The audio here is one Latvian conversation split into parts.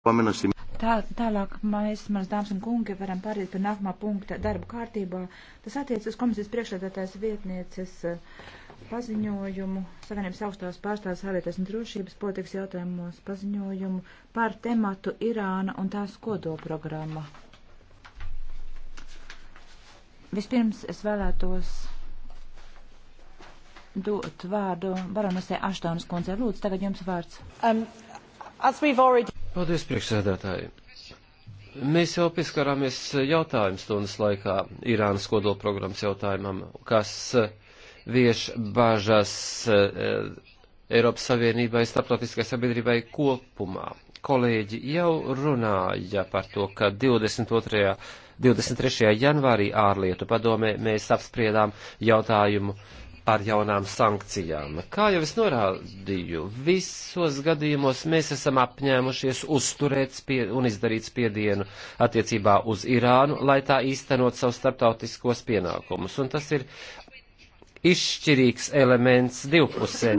Tā, tālāk mēs, manas dāmas un kungi, varam pāriet pie nākamā punkta darba kārtībā. Tas attiec uz komisijas priekšlētātājs vietnieces eh, paziņojumu Savienības augstās pārstāvs ārlietas un drošības politikas jautājumos paziņojumu par tematu Irāna un tās kodolprogramma. Vispirms es vēlētos dot vārdu baronisē Aštonas kundzei. Lūdzu, tagad jums vārds. Um, as we've already Paldies, priekšsēdētāji. Mēs jau pieskarāmies jautājumu stundas laikā Irānas kodolprogrammas jautājumam, kas eh, vieš bažas eh, Eiropas Savienībai, starptautiskai sabiedrībai kopumā. Kolēģi jau runāja par to, ka 22. 23. janvārī ārlietu padomē mēs apspriedām jautājumu ar jaunām sankcijām. Kā jau es norādīju, visos gadījumos mēs esam apņēmušies uzturēt spie, un izdarīt spiedienu attiecībā uz Irānu, lai tā īstenot savus starptautiskos pienākumus. Un tas ir izšķirīgs elements divpusē.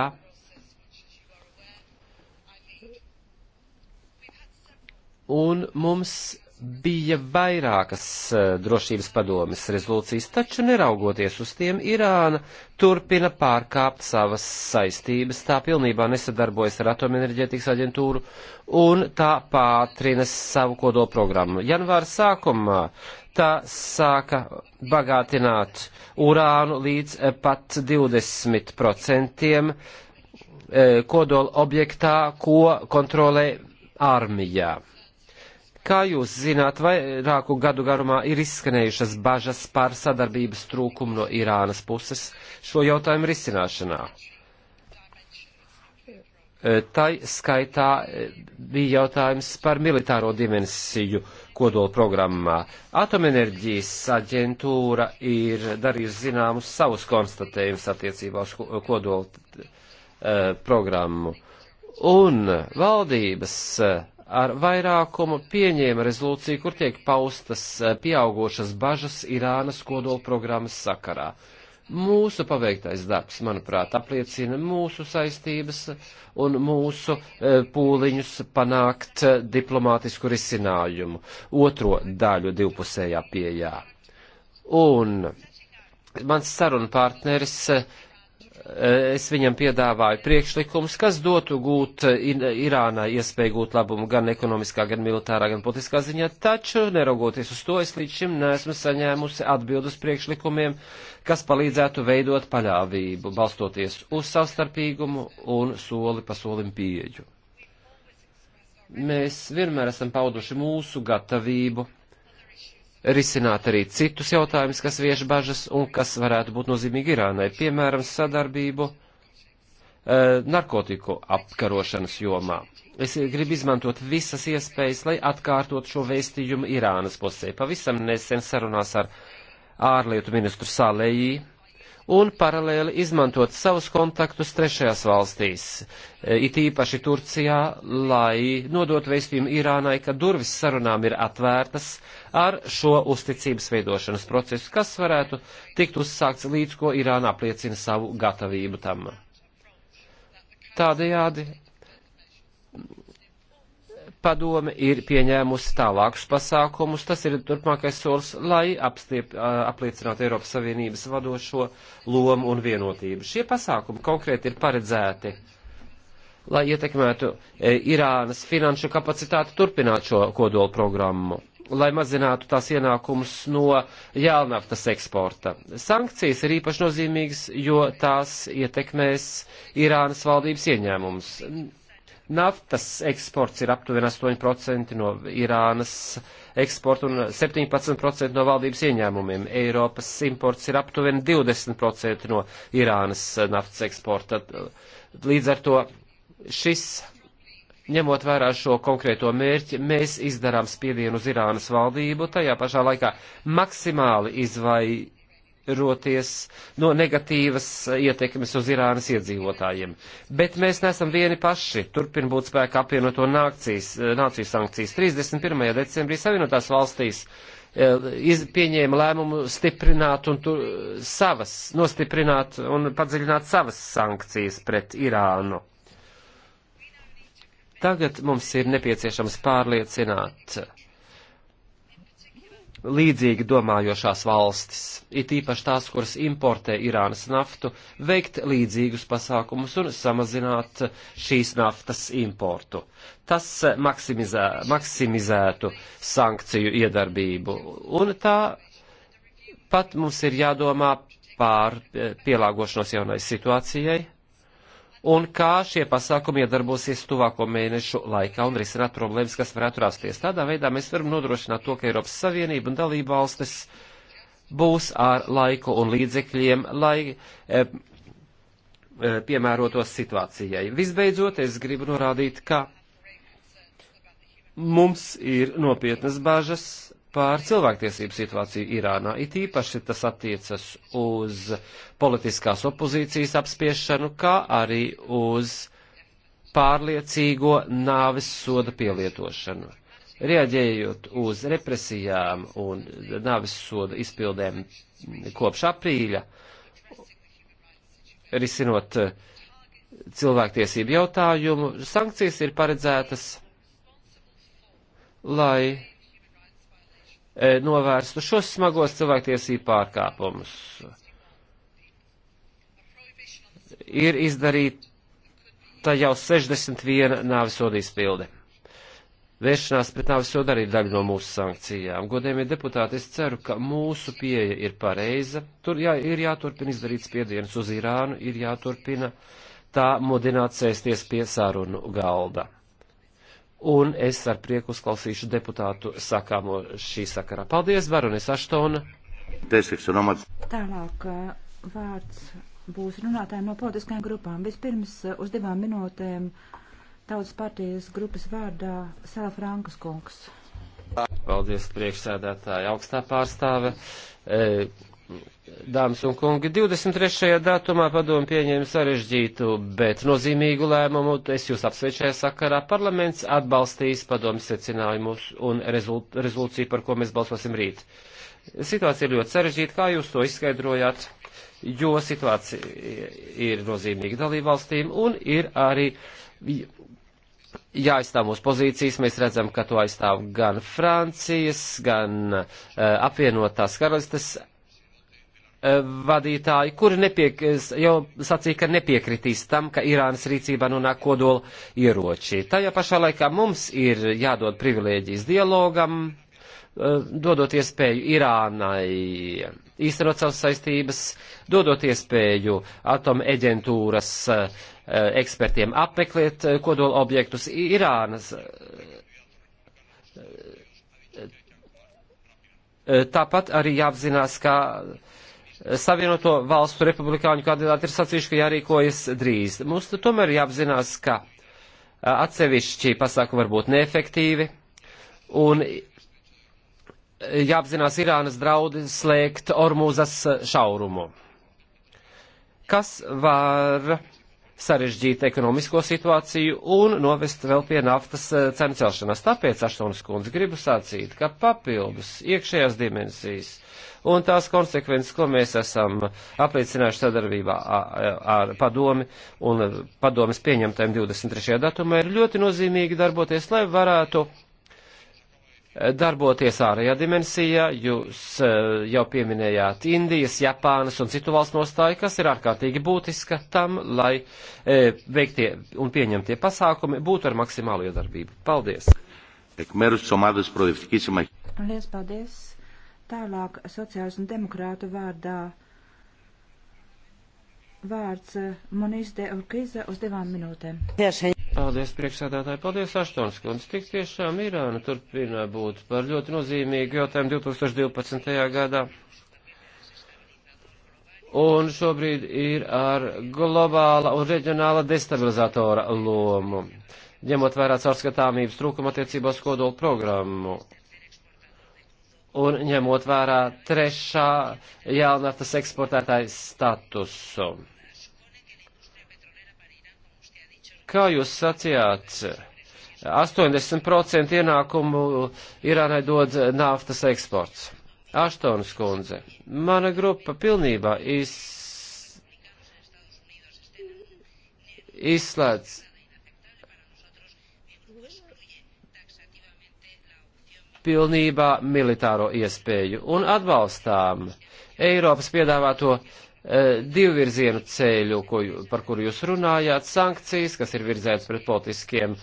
Un mums bija vairākas eh, drošības padomes rezolūcijas, taču neraugoties uz tiem, Irāna turpina pārkāpt savas saistības, tā pilnībā nesadarbojas ar atomenerģētikas aģentūru un tā pātrina savu kodolu programmu. Janvāra sākumā tā sāka bagātināt urānu līdz eh, pat 20% eh, kodola objektā, ko kontrolē armijā. Kā jūs zināt, vairāku gadu garumā ir izskanējušas bažas par sadarbības trūkumu no Irānas puses šo jautājumu risināšanā. E, tai skaitā e, bija jautājums par militāro dimensiju kodola programmā. Atomenerģijas aģentūra ir darījusi zināmus savus konstatējumus attiecībā uz kodola e, programmu. Un valdības uh, ar vairākumu pieņēma rezolūciju, kur tiek paustas e, pieaugošas bažas Irānas kodolprogrammas sakarā. Mūsu paveiktais darbs, manuprāt, apliecina mūsu saistības un mūsu e, pūliņus panākt e, diplomātisku risinājumu otro daļu divpusējā pieejā. Un mans saruna partneris Eh, es viņam piedāvāju priekšlikums, kas dotu gūt eh, Irānai iespēju gūt labumu gan ekonomiskā, gan militārā, gan politiskā ziņā, taču, neraugoties uz to, es līdz šim neesmu saņēmusi atbildus priekšlikumiem, kas palīdzētu veidot paļāvību, balstoties uz savstarpīgumu un soli pa solim pieeju. Mēs vienmēr esam pauduši mūsu gatavību risināt arī citus jautājumus, kas vieš bažas un kas varētu būt nozīmīgi Irānai, piemēram, sadarbību eh, narkotiku apkarošanas jomā. Es gribu izmantot visas iespējas, lai atkārtot šo vēstījumu Irānas pusē. Pavisam nesen sarunās ar ārlietu ministru Salējī un paralēli izmantot savus kontaktus trešajās valstīs, eh, it īpaši Turcijā, lai nodot vēstījumu Irānai, ka durvis sarunām ir atvērtas, uh, ar šo uzticības veidošanas procesu, kas varētu tikt uzsākts līdz, ko Irāna apliecina savu gatavību tam. Tādējādi padome ir pieņēmusi tālākus pasākumus. Tas ir turpmākais solis, lai apstiep, apliecinātu Eiropas Savienības vadošo lomu un vienotību. Šie pasākumi konkrēti ir paredzēti, lai ietekmētu e, Irānas finanšu kapacitāti turpināt šo kodolu programmu lai mazinātu tās ienākumus no jēlnaftas eksporta. Sankcijas ir īpaši nozīmīgas, jo tās ietekmēs Irānas valdības ieņēmumus. Naftas eksports ir aptuveni 8% no Irānas eksporta un 17% no valdības ieņēmumiem. Eiropas imports ir aptuveni 20% no Irānas naftas eksporta. Līdz ar to šis ņemot vērā šo konkrēto mērķi, mēs izdarām spiedienu uz Irānas valdību, tajā pašā laikā maksimāli izvairoties no negatīvas ietekmes uz Irānas iedzīvotājiem. Bet mēs nesam vieni paši. Turpin būt spēkā apvienoto nācijas, nāciju sankcijas. 31. decembrī Savienotās valstīs e, iz, pieņēma lēmumu stiprināt un tu, savas, nostiprināt un padziļināt savas sankcijas pret Irānu Tagad mums ir nepieciešams pārliecināt līdzīgi domājošās valstis, it īpaši tās, kuras importē Irānas naftu, veikt līdzīgus pasākumus un samazināt šīs naftas importu. Tas maksimizē, maksimizētu sankciju iedarbību, un tā pat mums ir jādomā pār pielāgošanos jaunai situācijai, un kā šie pasākumi iedarbosies tuvāko mēnešu laikā un risināt problēmas, kas varētu rasties. Tādā veidā mēs varam nodrošināt to, ka Eiropas Savienība un dalība valstis būs ar laiku un līdzekļiem, lai e, e piemērotos situācijai. Visbeidzot, es gribu norādīt, ka mums ir nopietnas bažas pār cilvēktiesību situāciju Irānā. It īpaši tas attiecas uz politiskās opozīcijas apspiešanu, kā arī uz pārliecīgo nāves soda pielietošanu. Rieģējot uz represijām un nāves soda izpildēm kopš aprīļa, risinot eh, cilvēktiesību jautājumu, sankcijas ir paredzētas, lai E, novērstu šos smagos cilvēktiesību pārkāpumus. Ir izdarīta jau 61 nāvisodīs pildi. Vēršanās pret nāvisodu arī daļa no mūsu sankcijām. Godējumie deputāti, es ceru, ka mūsu pieeja ir pareiza. Tur jā, ir jāturpina izdarīt spiedienus uz Irānu, ir jāturpina tā mudināt sēsties pie sarunu galda un es ar prieku uzklausīšu deputātu sakāmo šī sakarā. Paldies, Baronis Aštona. Tālāk uh, vārds būs runātājiem no politiskajām grupām. Vispirms uh, uz divām minūtēm Tautas partijas grupas vārdā Sēla Frankas kungs. Paldies, priekšsēdētāji, augstā pārstāve. E, dāmas un kungi, 23. datumā padomu pieņēma sarežģītu, bet nozīmīgu lēmumu. Es jūs apsveicu šajā sakarā. Parlaments atbalstīs padomu secinājumus un rezolūciju, par ko mēs balsosim rīt. Situācija ir ļoti sarežģīta, kā jūs to izskaidrojāt, jo situācija ir nozīmīga dalībvalstīm un ir arī jāaizstāv mūsu pozīcijas. Mēs redzam, ka to aizstāv gan Francijas, gan uh, apvienotās karalistes Eh, vadītāji, kuri nepiek, jau sacīja, ka nepiekritīs tam, ka Irānas rīcībā nonāk kodola ieroči. Tajā pašā laikā mums ir jādod privilēģijas dialogam, eh, dodot iespēju Irānai īstenot savas saistības, dodot iespēju atoma eģentūras eh, ekspertiem apmeklēt kodola objektus Irānas. Tāpat arī jāapzinās, ka uh, Savienoto valstu republikāņu kandidāti ir sacījuši, ka jārīkojas drīz. Mums tomēr jāapzinās, ka atsevišķi pasākumi var būt neefektīvi un jāapzinās Irānas draudi slēgt Ormūzas šaurumu. Kas var sarežģītu ekonomisko situāciju un novest vēl pie naftas eh, cenu celšanās. Tāpēc, Aštonas kundze, gribu sacīt, ka papildus iekšējās dimensijas un tās konsekvences, ko mēs esam apliecinājuši sadarbībā ar padomi un padomas pieņemtajiem 23. datumā, ir ļoti nozīmīgi darboties, lai varētu darboties ārējā dimensijā. Jūs e, jau pieminējāt Indijas, Japānas un citu valstu nostāju, kas ir ārkārtīgi būtiska tam, lai e, veiktie un pieņemtie pasākumi būtu ar maksimālu iedarbību. Paldies! Liels paldies! Tālāk sociālas un demokrātu vārdā vārds eh, Monizde Urkiza uz divām minūtēm. Paldies, priekšsādātāji, paldies, Aštons kundze. Tik tiešām Irāna turpina būt par ļoti nozīmīgu jautājumu 2012. gadā. Un šobrīd ir ar globāla un reģionāla destabilizatora lomu, ņemot vērā caurskatāmības trūkuma attiecībās kodolu programmu un ņemot vērā trešā jaunaftas eksportētāja statusu. Kā jūs sacījāt, 80% ienākumu Irānai dod naftas eksports. Aštonas kundze, mana grupa pilnībā iz... izslēdz pilnībā militāro iespēju un atbalstām Eiropas piedāvāto e, divvirzienu ceļu, ko, par kuru jūs runājāt, sankcijas, kas ir virzētas pret politiskiem e,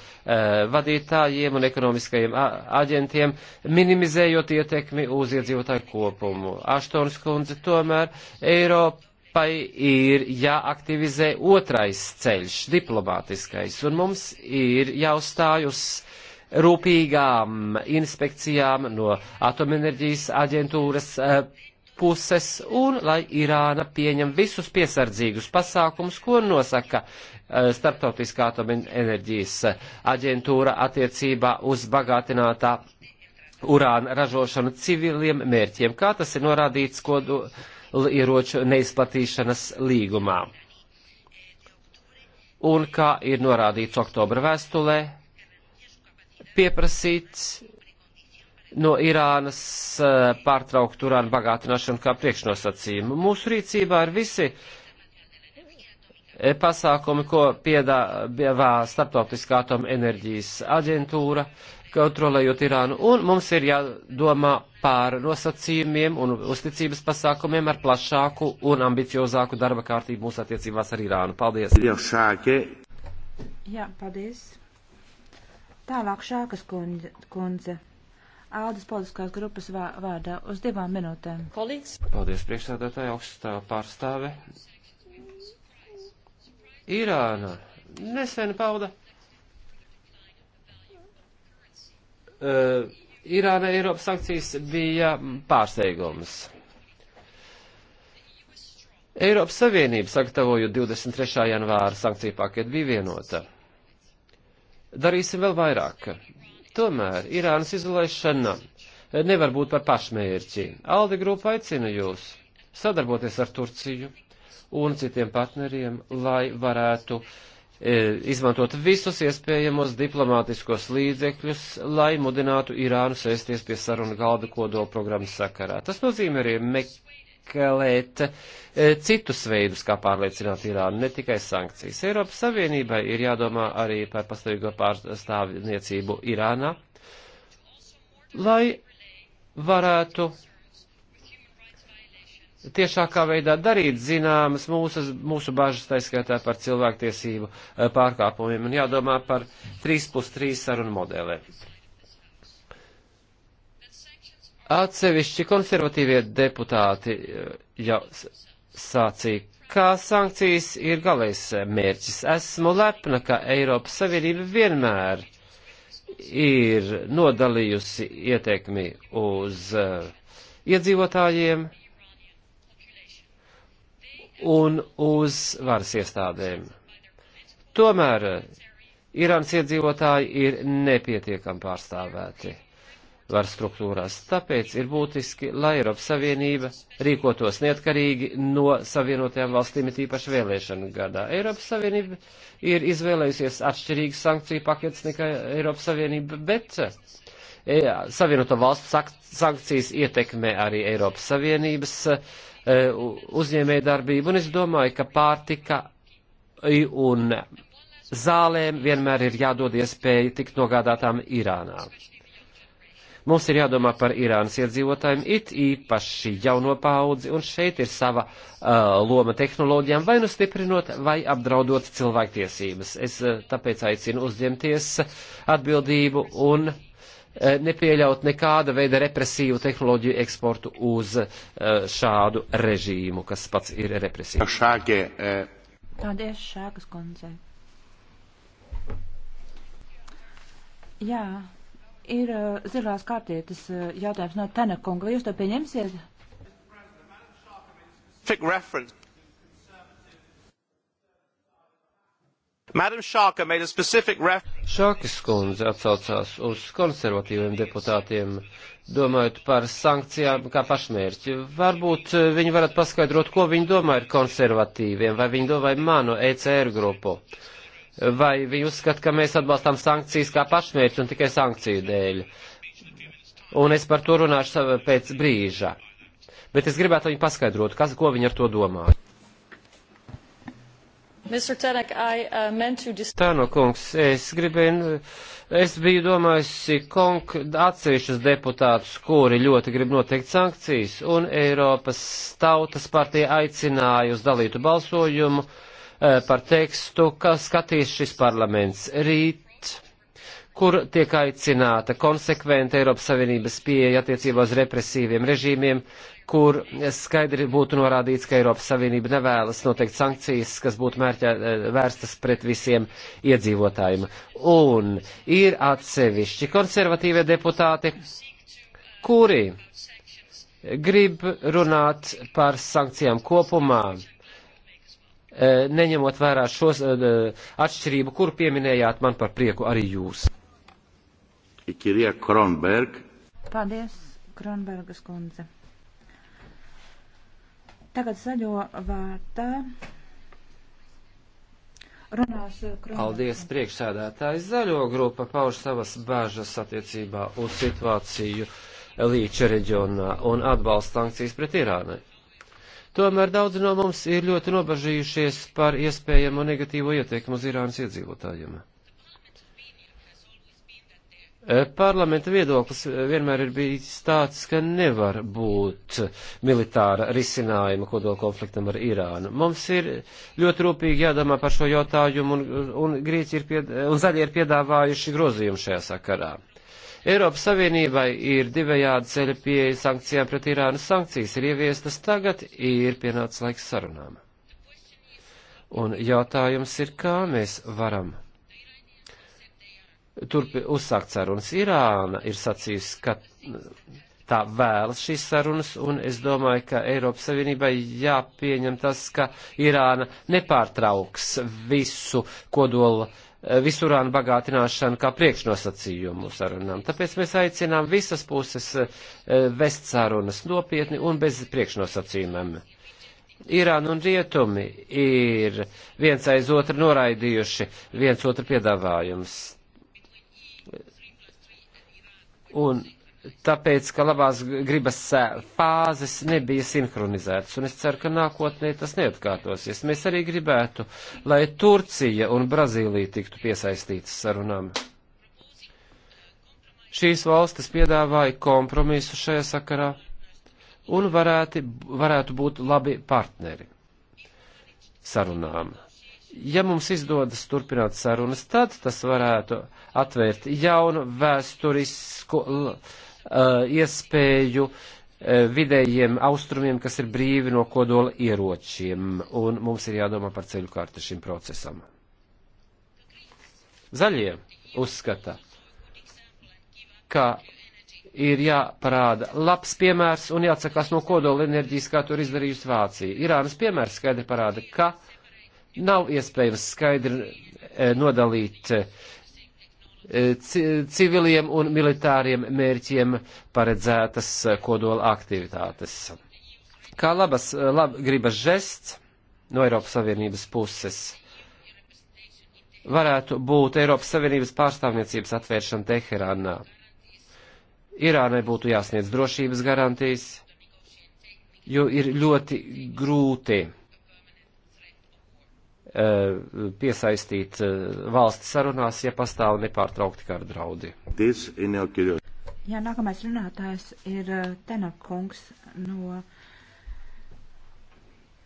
vadītājiem un ekonomiskajiem aģentiem, minimizējot ietekmi uz iedzīvotāju kopumu. Aštons kundze tomēr Eiropa Eiropai ir jāaktivizē otrais ceļš, diplomātiskais, un mums ir jāuzstāj uz rūpīgām inspekcijām no atomenerģijas aģentūras eh, puses un lai Irāna pieņem visus piesardzīgus pasākumus, ko nosaka eh, Startautiskā atomenerģijas aģentūra attiecībā uz bagātinātā urāna ražošanu civiliem mērķiem, kā tas ir norādīts kodu ieroču neizplatīšanas līgumā. Un kā ir norādīts oktobra vēstulē, pieprasīt no Irānas eh, pārtraukt urāna bagātināšanu kā priekšnosacījumu. Mūsu rīcībā ir visi eh, pasākumi, ko piedāvā Startautiskā atoma enerģijas aģentūra, kontrolējot Irānu, un mums ir jādomā par nosacījumiem un uzticības pasākumiem ar plašāku un ambiciozāku darba kārtību mūsu attiecībās ar Irānu. Paldies! Jā, paldies! Tālāk Šākas kundze, kundze Aldis politiskās grupas vārdā uz divām minūtēm. Kolīgs. Paldies, priekšsēdētāji, augstā pārstāve. Irāna nesen pauda. Uh, Irāna Eiropas sankcijas bija pārsteigums. Eiropas Savienība sagatavoju 23. janvāra sankciju paketu bija vienota darīsim vēl vairāk. Tomēr Irānas izolēšana nevar būt par pašmērķi. Alde grupa aicina jūs sadarboties ar Turciju un citiem partneriem, lai varētu e, izmantot visus iespējamos diplomātiskos līdzekļus, lai mudinātu Irānu sēsties pie sarunu galda kodola programmas sakarā. Tas nozīmē arī Meksiku meklēt e, citus veidus, kā pārliecināt Irānu, ne tikai sankcijas. Eiropas Savienībai ir jādomā arī par pastāvīgo pārstāvniecību Irānā, lai varētu tiešākā veidā darīt zināmas mūsu, mūsu bažas, taiskaitā par cilvēktiesību e, pārkāpumiem un jādomā par 3 plus 3 sarunu modelēm. Atsevišķi konservatīvie deputāti eh, jau sācīja, kā sankcijas ir galais mērķis. Esmu lepna, ka Eiropas Savienība vienmēr ir nodalījusi ietekmi uz uh, iedzīvotājiem un uz varas iestādēm. Tomēr eh, Irānas iedzīvotāji ir nepietiekami pārstāvēti varas struktūrās. Tāpēc ir būtiski, lai Eiropas Savienība rīkotos neatkarīgi no Savienotajām valstīm, it īpaši vēlēšanu gadā. Eiropas Savienība ir izvēlējusies atšķirīgas sankciju paketes nekā Eiropas Savienība, bet e, Savienoto valstu sankcijas ietekmē arī Eiropas Savienības e, uzņēmēja darbību, un es domāju, ka pārtika un zālēm vienmēr ir jādod iespēja tikt nogādātām Irānā. Mums ir jādomā par Irānas iedzīvotājiem, it īpaši jauno paudzi, un šeit ir sava uh, loma tehnoloģijām, vai nu stiprinot, vai apdraudot cilvēktiesības. Es uh, tāpēc aicinu uzņemties atbildību un uh, nepieļaut nekāda veida represīvu tehnoloģiju eksportu uz uh, šādu režīmu, kas pats ir represīvs. Šākie, uh... Paldies, Šākas kundze. Jā, ir uh, zilās kārtietes uh, jautājums no Tenekunga. Vai jūs to pieņemsiet? Šākas kundze atsaucās uz konservatīviem deputātiem, domājot par sankcijām kā pašmērķi. Varbūt uh, viņi varat paskaidrot, ko viņi domā ar konservatīviem, vai viņi domā manu ECR grupu. Uh, vai viņi uzskata, ka mēs atbalstām sankcijas kā pašmērķi un tikai sankciju dēļ. Un es par to runāšu pēc brīža. Bet es gribētu viņu paskaidrot, kas, ko viņi ar to domā. Tenek, I, uh, to... Tāno kungs, es gribēju, es biju domājusi konk, atsevišķus deputātus, kuri ļoti grib noteikt sankcijas, un Eiropas tautas partija aicināja uz dalītu balsojumu. Uh, Eh, par tekstu, ka skatīs šis parlaments rīt kur tiek aicināta konsekventa Eiropas Savienības pieeja attiecībā uz represīviem režīmiem, kur skaidri būtu norādīts, ka Eiropas Savienība nevēlas noteikt sankcijas, kas būtu mērķē, eh, vērstas pret visiem iedzīvotājiem. Un ir atsevišķi konservatīvie deputāti, kuri grib runāt par sankcijām kopumā Eh, neņemot vērā šos eh, atšķirību, kur pieminējāt man par prieku arī jūs. Kirija Kronberg. Paldies, Kronbergas kundze. Tagad zaļo vārtā. Runās eh, Kronbergas. Paldies, priekšsēdētājs. Zaļo grupa pauž savas bāžas attiecībā uz situāciju Līča reģionā un atbalsta sankcijas pret Irānai. Tomēr daudzi no mums ir ļoti nobažījušies par iespējamo negatīvo ietekmu uz Irānas iedzīvotājiem. E, parlamenta viedoklis vienmēr ir bijis tāds, ka nevar būt militāra risinājuma kodola konfliktam ar Irānu. Mums ir ļoti rūpīgi jādomā par šo jautājumu, un, un, ir pied, un zaļie ir piedāvājuši grozījumu šajā sakarā. Uh, Eiropas Savienībai ir divējādi ceļa pieeja sankcijām pret Irānu. Sankcijas ir ieviestas tagad, ir pienācis laiks sarunām. Un jautājums ir, kā mēs varam turp uzsākt sarunas. Irāna ir sacījusi, ka tā vēlas šīs sarunas, un es domāju, ka Eiropas Savienībai jāpieņem tas, ka Irāna nepārtrauks visu kodola uh, Eh, visurānu bagātināšanu kā priekšnosacījumu sarunām. Tāpēc mēs aicinām visas puses eh, vest sarunas nopietni un bez priekšnosacījumiem. Irāna un Rietumi ir viens aiz otru noraidījuši viens otru piedāvājums. Un tāpēc, ka labās gribas fāzes nebija sinhronizētas, un es ceru, ka nākotnē tas neatkārtosies. Mēs arī gribētu, lai Turcija un Brazīlija tiktu piesaistītas sarunām. Šīs valstis piedāvāja kompromisu šajā sakarā un varētu, varētu būt labi partneri sarunām. Ja mums izdodas turpināt sarunas, tad tas varētu atvērt jaunu vēsturisku. L Uh, iespēju uh, vidējiem austrumiem, kas ir brīvi no kodola ieročiem, un mums ir jādomā par ceļu kārtu šim procesam. Zaļie uzskata, ka ir jāparāda labs piemērs un jāatsakās no kodola enerģijas, kā to ir izdarījusi Vācija. Irānas piemērs skaidri parāda, ka nav iespējams skaidri eh, nodalīt uh, E, civiliem un militāriem mērķiem paredzētas e, kodola aktivitātes. Kā labas e, lab, gribas žests no Eiropas Savienības puses varētu būt Eiropas Savienības pārstāvniecības atvēršana Teherānā. Irānai būtu jāsniedz drošības garantijas, jo ir ļoti grūti Eh, piesaistīt eh, valsts sarunās, ja pastāv nepārtraukti kara draudi. Jā, nākamais runātājs ir eh, Tenokungs no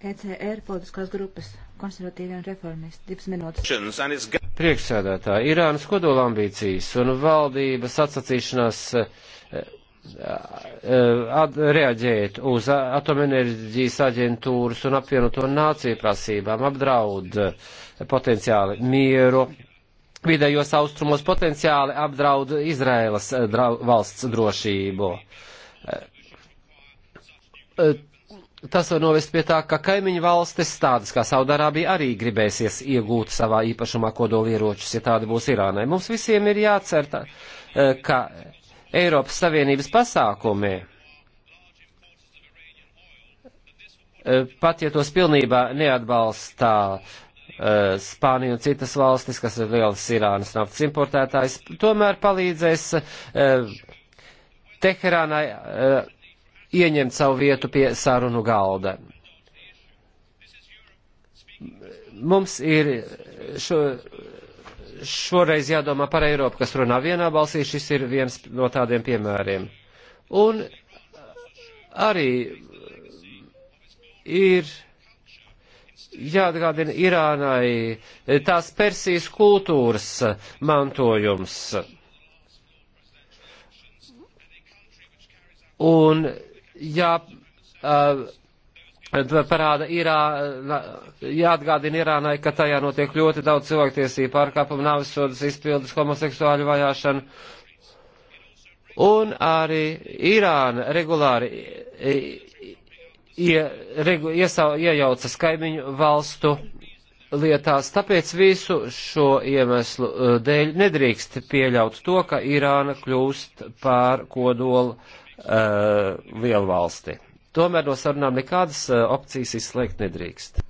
ECR politiskās grupas konservatīviem reformistiem. Divas minūtes. Priekšsēdētāji, Irānas kodolambīcijas un valdības atsacīšanās Uh, reaģēt uz atomenerģijas aģentūras un apvienoto nāciju prasībām, apdraud uh, potenciāli mieru, vidējos austrumos potenciāli apdraud Izraēlas uh, valsts drošību. Tas var novest pie tā, ka kaimiņu valstis, tādas kā Saudārābija, arī gribēsies iegūt savā īpašumā kodolieročus, ja tādi būs Irānai. Mums visiem ir jācer, ka Eiropas Savienības pasākumi, e, pat ja tos pilnībā neatbalstā e, Spānija un citas valstis, kas ir liels Irānas naftas importētājs, tomēr palīdzēs e, Teherānai ieņemt savu vietu pie sarunu galda. Mums ir šo, šoreiz jādomā par Eiropu, kas runā vienā balsī, šis ir viens no tādiem piemēriem. Un arī ir jāatgādina Irānai tās Persijas kultūras mantojums. Un jā, uh, parāda Irā, jāatgādina Irānai, ka tajā notiek ļoti daudz cilvēktiesību pārkāpumu, navsodas izpildes, homoseksuāļu vajāšanu. Un arī Irāna regulāri ie, regu, iesa, iejaucas kaimiņu valstu lietās, tāpēc visu šo iemeslu e, dēļ nedrīkst pieļaut to, ka Irāna kļūst par kodolu uh, lielvalsti. valsti. Tomēr no sarunām nekādas eh, opcijas izslēgt nedrīkst.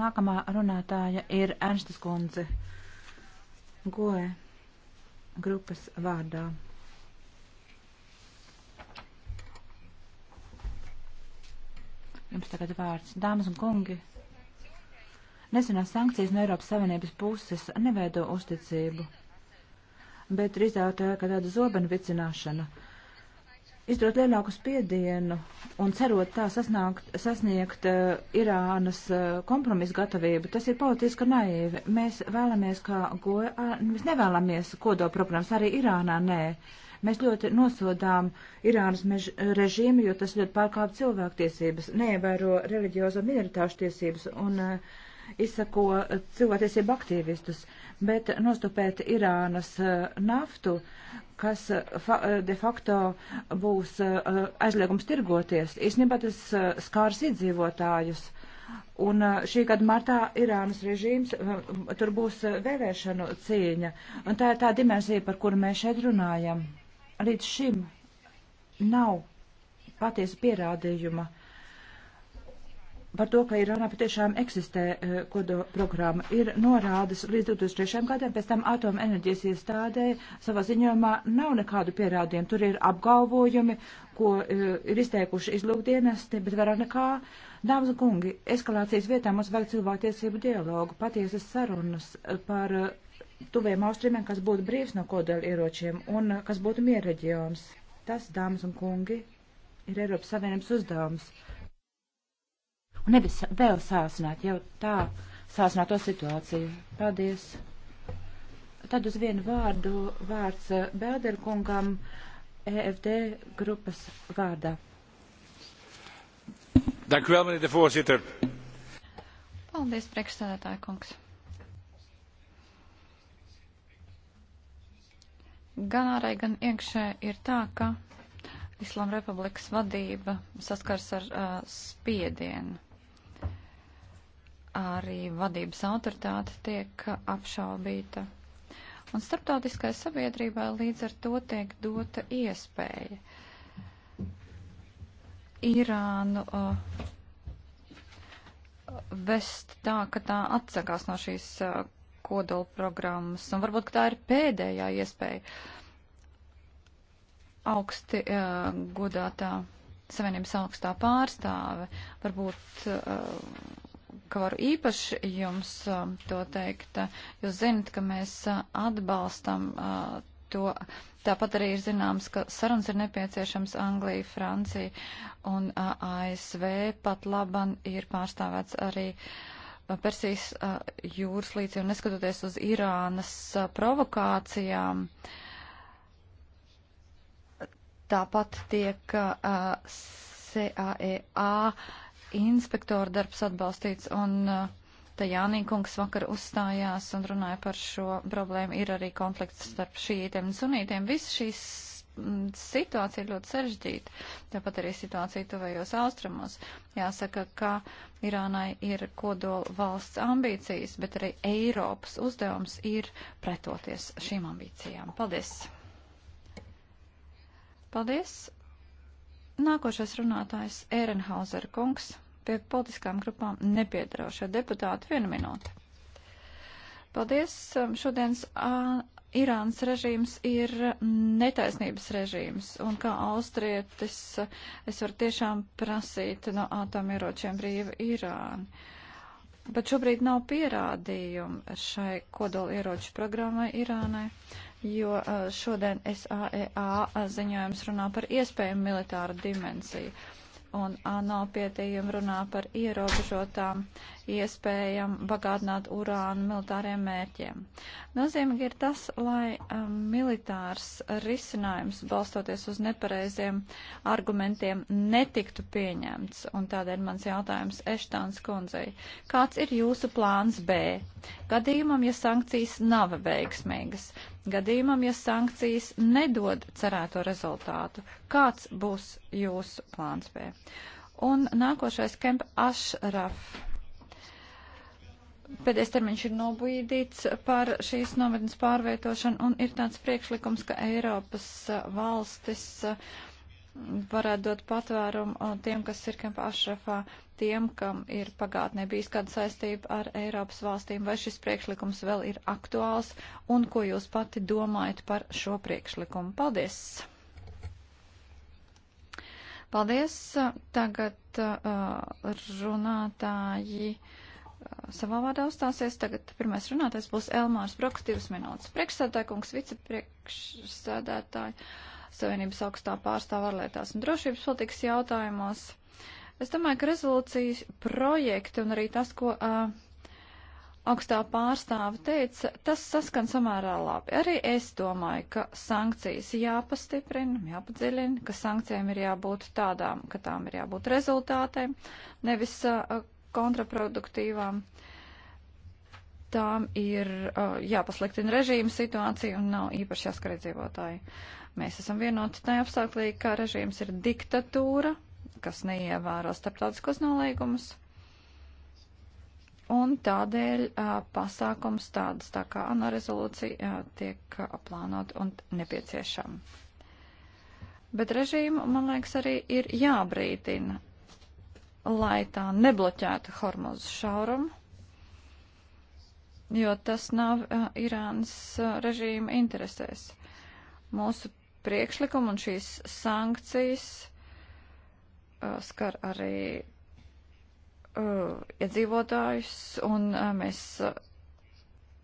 Nākamā runātāja ir Ernstas Kunze, Goe grupas vārdā. Jums tagad vārds. Dāmas un kungi, nesenās sankcijas no Eiropas Savienības puses neveido uzticību bet drīzāk tā kā tāda zobena vicināšana. Izdarot lielāku spiedienu un cerot tā sasnākt, sasniegt uh, Irānas uh, kompromisu gatavību, tas ir politiski naivi. Mēs vēlamies, kā goja, uh, mēs nevēlamies kodoprogrammas arī Irānā, nē. Mēs ļoti nosodām Irānas mež, režīmu, jo tas ļoti pārkāp cilvēktiesības, neievēro reliģiozo minoritāšu tiesības un uh, izsako cilvēktiesību aktīvistus. Uh, bet nostupēt Irānas eh, naftu, kas eh, eh, de facto būs aizliegums tirgoties. Īsnībā tas skārs iedzīvotājus. Un šī gada martā Irānas režīms, tur būs vēlēšanu cīņa. Un tā ir tā dimensija, par kuru mēs šeit runājam. Līdz šim nav patiesa pierādījuma par to, ka Irānā patiešām eksistē e, kodo programma, ir norādes līdz 2003. gadam, pēc tam atomenerģijas iestādē savā ziņojumā nav nekādu pierādījumu. Tur ir apgalvojumi, ko e, ir izteikuši izlūkdienesti, bet vairāk nekā. Dāmas un kungi, eskalācijas vietā mums vajag cilvēktiesību dialogu, patiesas sarunas par e, tuviem austrumiem, kas būtu brīvs no kodola ieročiem un kas būtu mierreģions. Tas, dāmas un kungi, ir Eiropas Savienības uzdevums un nevis vēl sāsināt jau tā sāsināto situāciju. Paldies! Tad uz vienu vārdu vārds eh, Bēderkungam EFD grupas vārdā. Dank u wel, meneer de voorzitter. Paldies, priekšstādātāja kungs. Gan ārēji, gan iekšē ir tā, ka Islām Republikas vadība saskars ar uh, spiedienu arī vadības autoritāte tiek apšaubīta. Un starptautiskai sabiedrībai līdz ar to tiek dota iespēja Irānu uh, vest tā, ka tā atsakās no šīs uh, kodola programmas, un varbūt, ka tā ir pēdējā iespēja augsti uh, godātā savienības augstā pārstāve, varbūt uh, ka varu īpaši jums um, to teikt. Jūs zinat, ka mēs uh, atbalstam uh, to. Tāpat arī ir zināms, ka sarunas ir nepieciešams Anglija, Francija un uh, ASV. Pat laban ir pārstāvēts arī Persijas jūras līdzi, un neskatoties uz Irānas provokācijām, tāpat tiek CAEA e inspektora darbs atbalstīts, un uh, te Jānīkungs vakar uzstājās un runāja par šo problēmu. Ir arī konflikts starp šītiem un sunītiem. Viss šīs mm, situācija ir ļoti sarežģīta. Tāpat arī situācija tuvējos austrumos. Jāsaka, ka Irānai ir kodola valsts ambīcijas, bet arī Eiropas uzdevums ir pretoties šīm ambīcijām. Paldies! Paldies! Nākošais runātājs Ērenhauser kungs pie politiskām grupām nepiedarošie deputāti vienu minūti. Paldies. Um, šodienas ā, Irānas režīms ir mm, netaisnības režīms, un kā austrietis es varu tiešām prasīt no atomieročiem brīvu Irānu. Bet šobrīd nav pierādījumu šai kodolieroču programmai Irānai jo šodien SAEA e ziņojums runā par iespējumu militāru dimensiju, un ANO pietījumi runā par ierobežotām iespējam bagātināt urānu militāriem mērķiem. Nozīmīgi ir tas, lai um, militārs risinājums balstoties uz nepareiziem argumentiem netiktu pieņemts, un tādēļ mans jautājums Eštāns kundzei. Kāds ir jūsu plāns B? Gadījumam, ja sankcijas nav veiksmīgas, gadījumam, ja sankcijas nedod cerēto rezultātu, kāds būs jūsu plāns B? Un nākošais Kemp Ašraf Pēdējais termiņš ir nobīdīts par šīs nometnes pārvietošanu un ir tāds priekšlikums, ka Eiropas valstis varētu dot patvērumu tiem, kas ir Kempa Ašrafā, tiem, kam ir pagātnē bijis kāda saistība ar Eiropas valstīm, vai šis priekšlikums vēl ir aktuāls un ko jūs pati domājat par šo priekšlikumu. Paldies! Paldies! Tagad uh, runātāji. Uh, savā vārdā uzstāsies. Tagad pirmais runātais būs Elmārs Broks, divas minūtes. Priekšsēdētāji, kungs, vicepriekšsēdētāji, Savienības augstā pārstāvā ārlietās un drošības politikas jautājumos. Es domāju, ka rezolūcijas projekti un arī tas, ko uh, augstā pārstāva teica, tas saskan samērā labi. Arī es domāju, ka sankcijas jāpastiprina, jāpadziļina, ka sankcijām ir jābūt tādām, ka tām ir jābūt rezultātēm, nevis uh, kontraproduktīvām. Tām ir uh, jāpasliktina režīma situācija un nav īpaši jāskar iedzīvotāji. Mēs esam vienoti tajā apstāklī, ka režīms ir diktatūra, kas neievēro starptautiskos nolīgumus. Un tādēļ uh, pasākums tādas tā kā ANO rezolūcija uh, tiek uh, plānot un nepieciešama. Bet režīmu, man liekas, arī ir jābrītina lai tā nebloķētu Hormuzu šaurumu, jo tas nav uh, Irānas uh, režīma interesēs. Mūsu priekšlikumu un šīs sankcijas uh, skar arī uh, iedzīvotājus, un uh, mēs uh,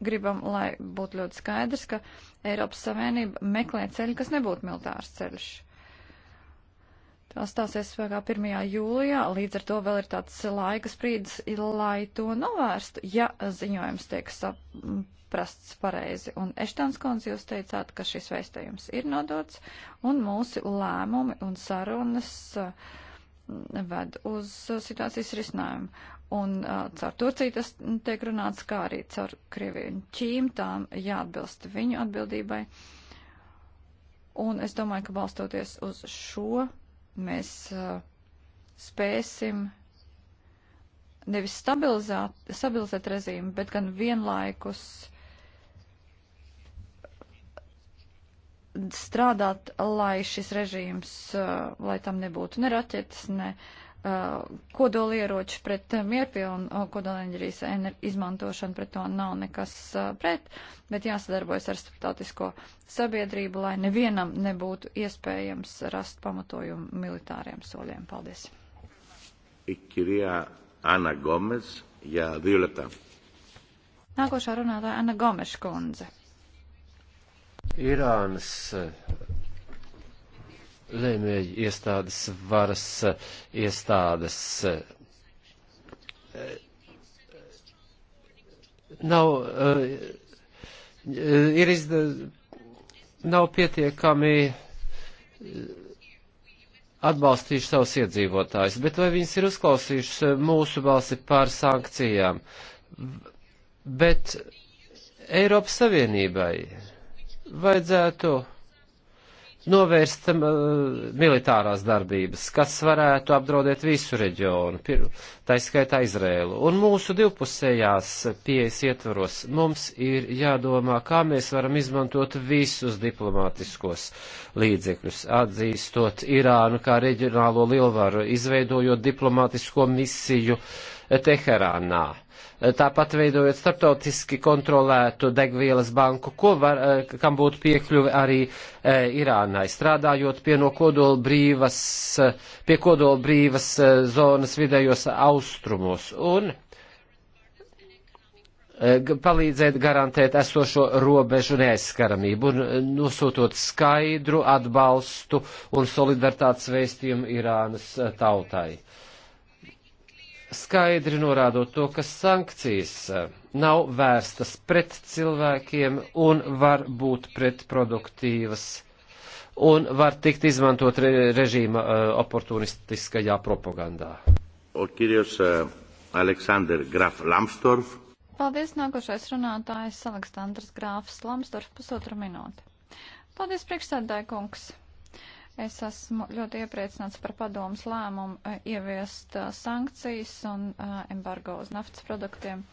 gribam, lai būtu ļoti skaidrs, ka Eiropas Savienība meklē ceļu, kas nebūtu militārs ceļš. Tā stāsies spēkā 1. jūlijā, līdz ar to vēl ir tāds laika sprīdis, lai to novērstu, ja ziņojums tiek saprasts pareizi. Un Eštāns kundze, jūs teicāt, ka šis veistējums ir nodots, un mūsu lēmumi un sarunas uh, ved uz uh, situācijas risinājumu. Un uh, caur Turciju tas tiek runāts, kā arī caur Krieviju un Ķīm, tām jāatbilst viņu atbildībai. Un es domāju, ka balstoties uz šo mēs uh, spēsim nevis stabilizēt, stabilizēt režīmu, bet gan vienlaikus strādāt, lai šis režīms, uh, lai tam nebūtu ne raķetes, ne uh, Uh, kodolieroči pret uh, mierpilnu uh, kodolenerģijas izmantošanu, pret to nav nekas pret, bet jāsadarbojas ar starptautisko sabiedrību, lai nevienam nebūtu iespējams rast pamatojumu militāriem soļiem. Paldies. Ikirija eh, Ana Gomes, jā, Violeta. Nākošā runātāja Ana Gomes kundze. Irānas lēmēji iestādes, varas iestādes nav, eh, ir izda, nav pietiekami eh, atbalstījuši savus iedzīvotājus, bet vai viņas ir uzklausījušas eh, mūsu balsi par sankcijām? Bet Eiropas Savienībai vajadzētu novērst uh, militārās darbības, kas varētu apdraudēt visu reģionu, pir, tā izskaitā Izrēlu. Un mūsu divpusējās pieejas ietvaros mums ir jādomā, kā mēs varam izmantot visus diplomātiskos līdzekļus, atzīstot Irānu kā reģionālo lielvaru, izveidojot diplomātisko misiju Teherānā Eh, tāpat veidojot starptautiski kontrolētu degvielas banku, var, eh, kam būtu piekļuve arī eh, Irānai, strādājot pie no kodola brīvas, pie kodola brīvas zonas vidējos austrumos un palīdzēt garantēt esošo robežu neaizskaramību un nosūtot skaidru atbalstu un solidaritātes vēstījumu Irānas tautai skaidri norādot to, ka sankcijas eh, nav vērstas pret cilvēkiem un var būt pretproduktīvas un var tikt izmantot re režīma uh, oportunistiskajā propagandā. Kirjus, uh, eh, Aleksandr Graf Lamstorf. Paldies, nākošais runātājs Aleksandrs Grāfs Lamstorf, pusotra minūte. Paldies, priekšsēdētāji kungs. Es esmu ļoti iepriecināts par padomus lēmumu eh, ieviest eh, sankcijas un eh, embargo uz naftas produktiem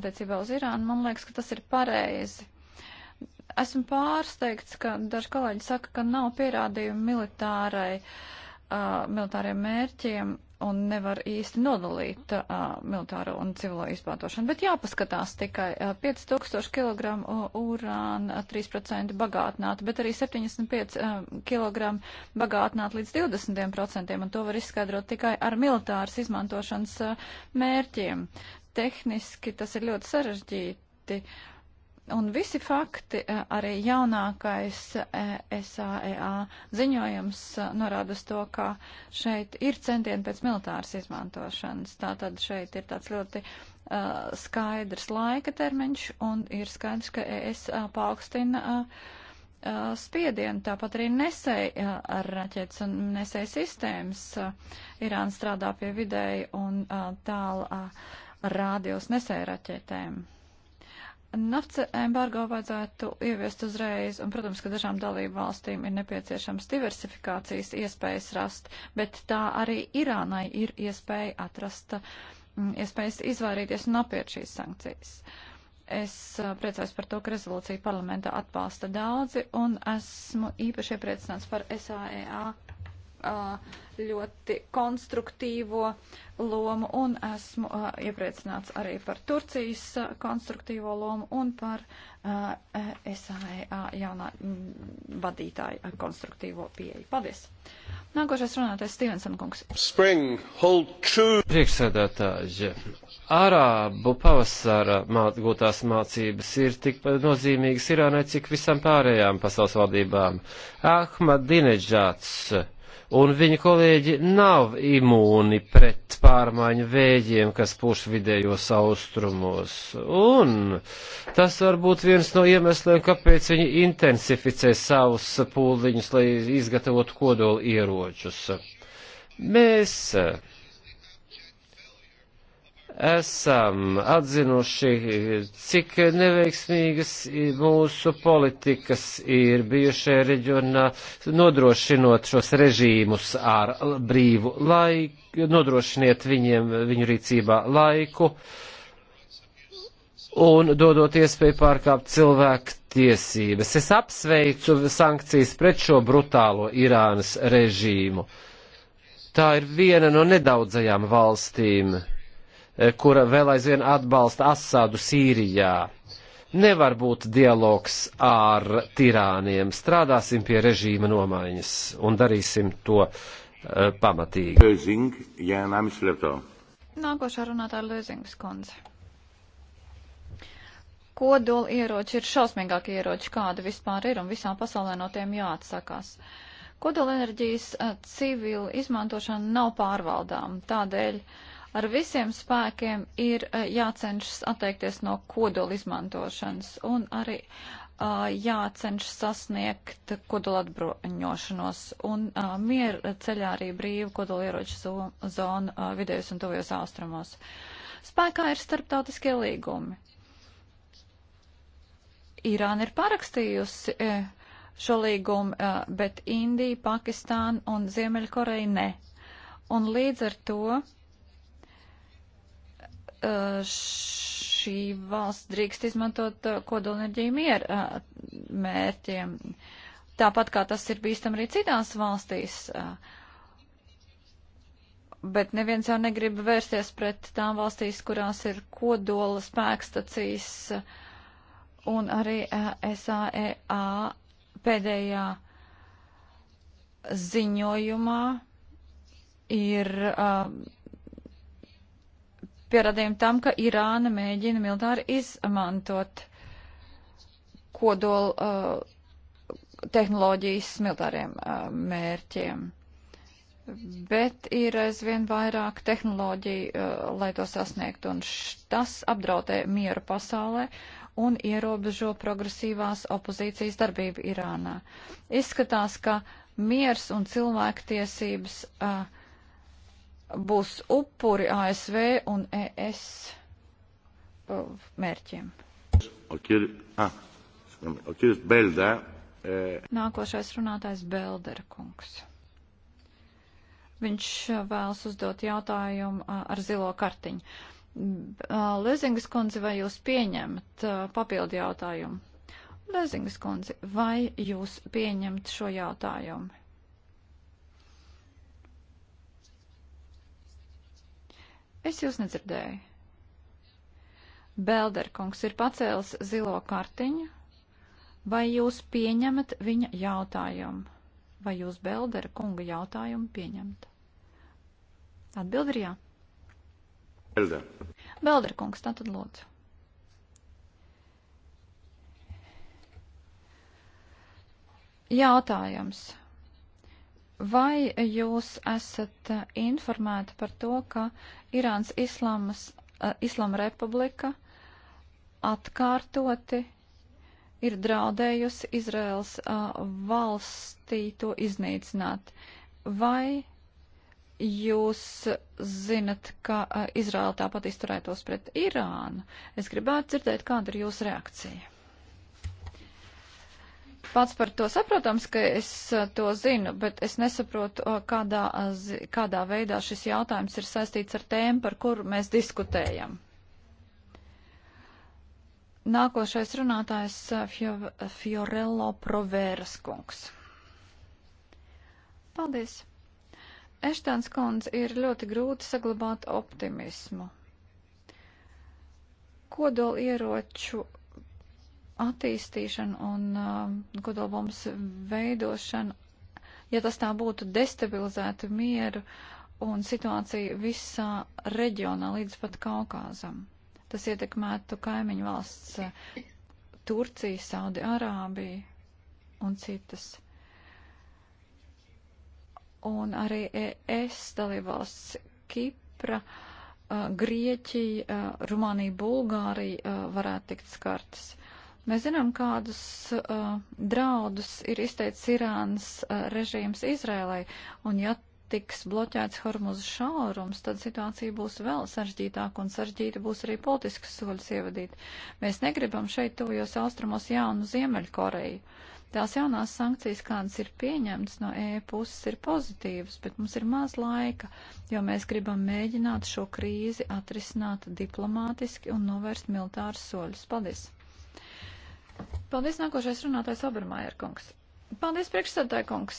attiecībā uz Irānu. Man liekas, ka tas ir pareizi. Esmu pārsteigts, ka daži kolēģi saka, ka nav pierādījumu militārai, uh, militāriem mērķiem un nevar īsti nodalīt uh, militāro un civilo izmantošanu. Bet jāpaskatās tikai uh, 5000 kg urāna 3% bagātināta, bet arī 75 uh, kg bagātināta līdz 20%, un to var izskaidrot tikai ar militāras izmantošanas uh, mērķiem. Tehniski tas ir ļoti sarežģīti. Uh, Un visi fakti, e, arī jaunākais e, SAEA e ziņojums norāda to, ka šeit ir centieni pēc militāras izmantošanas. Tātad šeit ir tāds ļoti uh, skaidrs laika termiņš un ir skaidrs, ka ES uh, paaugstina uh, spiedienu, tāpat arī nesēja ar raķetes un nesēja sistēmas. Irāna strādā pie vidēji un tālu rādījos nesēja raķetēm. Nafts embargo vajadzētu ieviest uzreiz, un, protams, ka dažām dalību valstīm ir nepieciešams diversifikācijas iespējas rast, bet tā arī Irānai ir iespēja atrast, mm, iespējas izvairīties un apiet šīs sankcijas. Es priecājos par to, ka rezolūciju parlamentā atbalsta daudzi, un esmu īpaši iepriecināts par SAEA e ļoti konstruktīvo lomu un esmu iepriecināts arī par Turcijas konstruktīvo lomu un par SAEA e jaunā vadītāja konstruktīvo pieeju. Paldies! Nākošais runātais Stevenson kungs. Spring, Priekšsēdētāji, arābu pavasara mā, gūtās mācības ir tik nozīmīgas Irānai, cik visam pārējām pasaules valdībām. Ahmad Dineģāts un viņa kolēģi nav imūni pret pārmaiņu vējiem, kas puš vidējos austrumos. Un tas var būt viens no iemesliem, kāpēc viņi intensificē savus pūliņus, lai izgatavotu kodoli ieročus. Mēs esam atzinuši, cik neveiksmīgas mūsu politikas ir bijušajā reģionā, nodrošinot šos režīmus ar brīvu laiku, nodrošiniet viņiem viņu rīcībā laiku un dodot iespēju pārkāpt cilvēku tiesības. Es apsveicu sankcijas pret šo brutālo Irānas režīmu. Tā ir viena no nedaudzajām valstīm, Eh, kura vēl aizvien atbalsta Asādu Sīrijā. Nevar būt dialogs ar tirāniem. Strādāsim pie režīma nomaiņas un darīsim to uh, pamatīgi. Lözing, jā, Nākošā runātāja Lēzingas kundze. Kodoli ieroči ir šausmīgākie ieroči, kāda vispār ir, un visā pasaulē no tiem jāatsakās. Kodolenerģijas eh, civila izmantošana nav pārvaldām, tādēļ uh, ar visiem spēkiem ir eh, jācenšas atteikties no kodola izmantošanas un arī eh, jācenšas sasniegt kodola atbruņošanos un eh, mieru ceļā arī brīvu kodola ieroču zonu vidējos un tuvajos austrumos. Spēkā ir starptautiskie līgumi. Irāna ir parakstījusi šo līgumu, bet Indija, Pakistāna un Ziemeļkoreja ne. Un līdz ar to Uh, šī valsts drīkst izmantot uh, kodolenerģiju mieru uh, mērķiem. Tāpat kā tas ir bīstam arī citās valstīs. Bet neviens jau negrib vērsties pret tām valstīs, kurās ir kodola spēkstacijas un arī SAEA e pēdējā ziņojumā ir. Uh, pierādījumi tam, ka Irāna mēģina militāri izmantot kodolu uh, tehnoloģijas militāriem uh, mērķiem. Bet ir aizvien vairāk tehnoloģiju, uh, lai to sasniegt, un tas apdraudē mieru pasaulē un ierobežo progresīvās opozīcijas darbību Irānā. Izskatās, ka miers un cilvēktiesības uh, būs upuri ASV un ES uh, mērķiem. Ah, eh. Nākošais runātājs Beldera kungs. Viņš uh, vēlas uzdot jautājumu uh, ar zilo kartiņu. Mm, Lezingas kundze, vai jūs pieņemat papildu jautājumu? Lezingas kundze, vai jūs pieņemat šo jautājumu? Es jūs nedzirdēju. Belderkungs ir pacēlis zilo kartiņu. Vai jūs pieņemat viņa jautājumu? Vai jūs Beldera kunga jautājumu pieņemat? Atbild ir jā. Belder. Belder kungs, tātad lūdzu. Jautājums. Vai jūs esat eh, informēti par to, ka Irāns Islamas, eh, Islama Republika atkārtoti ir draudējusi Izraels eh, valstī to iznīcināt? Vai jūs zinat, ka Izraela tāpat izturētos pret Irānu? Es gribētu dzirdēt, kāda ir jūsu reakcija pats par to saprotams, ka es to zinu, bet es nesaprotu, kādā, kādā veidā šis jautājums ir saistīts ar tēmu, par kuru mēs diskutējam. Nākošais runātājs Fiorello Proveras kungs. Paldies! Eštāns kundze ir ļoti grūti saglabāt optimismu. Kodolieroču attīstīšanu un uh, kodolbombas veidošanu, ja tas tā būtu destabilizētu mieru un situāciju visā reģionā līdz pat Kaukāzam. Tas ietekmētu kaimiņu valsts uh, Turciju, Saudi Arābiju un citas. Un arī ES dalībvalsts Kipra, uh, Grieķija, uh, Rumānija, Bulgārija uh, varētu tikt skartas Mēs zinām, kādus uh, draudus ir izteicis Irānas uh, režīms Izrēlai, un ja tiks bloķēts Hormuzu šaurums, tad situācija būs vēl sarežģītāka un sarežģīta būs arī politiskas soļas ievadīt. Mēs negribam šeit tuvajos austrumos jaunu Ziemeļkoreju. Tās jaunās sankcijas, kādas ir pieņemtas no E puses, ir pozitīvas, bet mums ir maz laika, jo mēs gribam mēģināt šo krīzi atrisināt diplomātiski un novērst militārus soļus. Paldies! Paldies, nākošais runātais Obermajer kungs. Paldies, priekšsēdētāj kungs.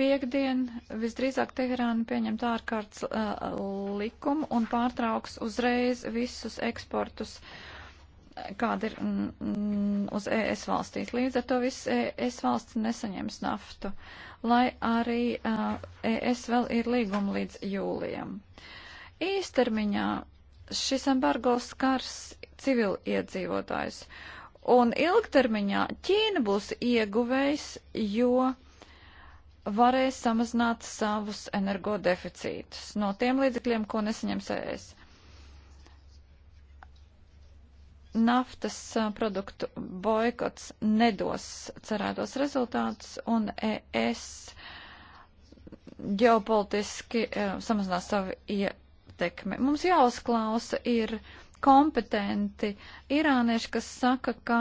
Piekdien visdrīzāk Teherāna pieņemt ārkārtas uh, likumu un pārtrauks uzreiz visus eksportus kāda ir mm, uz ES valstīs. Līdz ar to viss ES valsts nesaņems naftu, lai arī uh, ES vēl ir līguma līdz jūlijam. Īstermiņā šis embargo skars civili iedzīvotājs, Un ilgtermiņā Ķīna būs ieguvējs, jo varēs samazināt savus energodeficītus no tiem līdzekļiem, ko nesaņems ES. Naftas produktu boikots nedos cerētos rezultātus, un ES ģeopolitiski uh, samazinās savu ietekmi. Mums jāuzklausa ir uh, kompetenti irānieši, kas saka, ka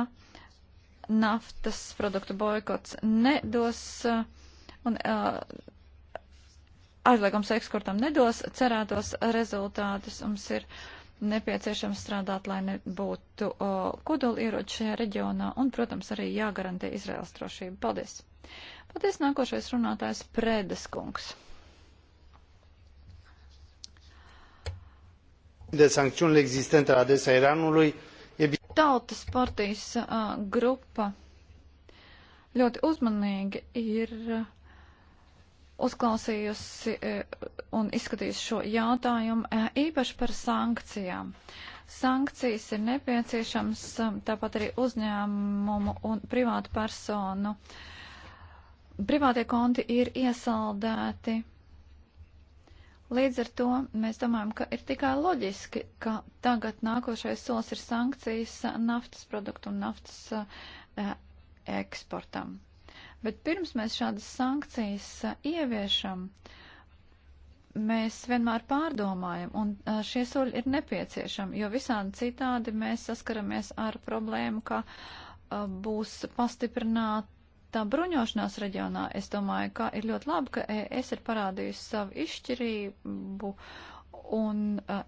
naftas produktu boikots nedos uh, un uh, aizliegums eksportam nedos cerētos rezultātus. Mums ir nepieciešams strādāt, lai nebūtu uh, kodoli ieroči šajā reģionā un, protams, arī jāgarantē Izraels drošība. Paldies! Paldies, nākošais runātājs Prēdes kungs. de sancțiunile existente la adresa Iranului. E... Tautas partijas uh, grupa ļoti uzmanīgi ir uzklausījusi e, un izskatījusi šo jautājumu e, īpaši par sankcijām. Sankcijas ir nepieciešams tāpat arī uzņēmumu un privātu personu. Privātie konti ir iesaldēti Līdz ar to mēs domājam, ka ir tikai loģiski, ka tagad nākošais solis ir sankcijas naftas produktu un naftas uh, eksportam. Bet pirms mēs šādas sankcijas uh, ieviešam, mēs vienmēr pārdomājam, un uh, šie soļi ir nepieciešami, jo visādi citādi mēs saskaramies ar problēmu, ka būs pastiprināt tā bruņošanās reģionā, es domāju, ka ir ļoti labi, ka es ir parādījusi savu izšķirību un uh,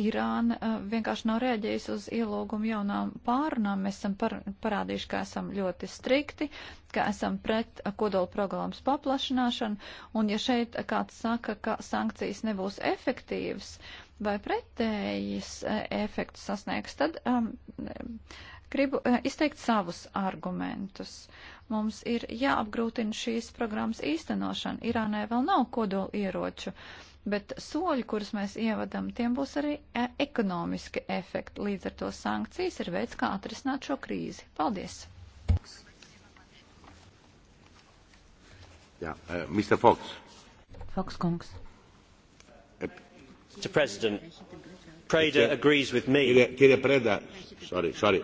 Irāna uh, vienkārši nav rēģējusi uz ielūgumu jaunām pārunām. Mēs esam par, parādījuši, ka esam ļoti strikti, ka esam pret uh, kodola programmas paplašināšanu, un ja šeit kāds saka, ka sankcijas nebūs efektīvas vai pretējas uh, efektu sasniegs, tad um, gribu uh, izteikt savus argumentus. Mums ir jāapgrūtina šīs programmas īstenošana. Irānai vēl nav kodola ieroču, bet soļi, kurus mēs ievadam, tiem būs arī e, ekonomiski efekti. Līdz ar to sankcijas ir veids, kā atrisināt šo krīzi. Paldies! Jā, uh, e, Mr. Fox. Fox kungs. E, Mr. President, Preda agrees with me. Κύριε, κύριε Πρέντα, sorry, sorry.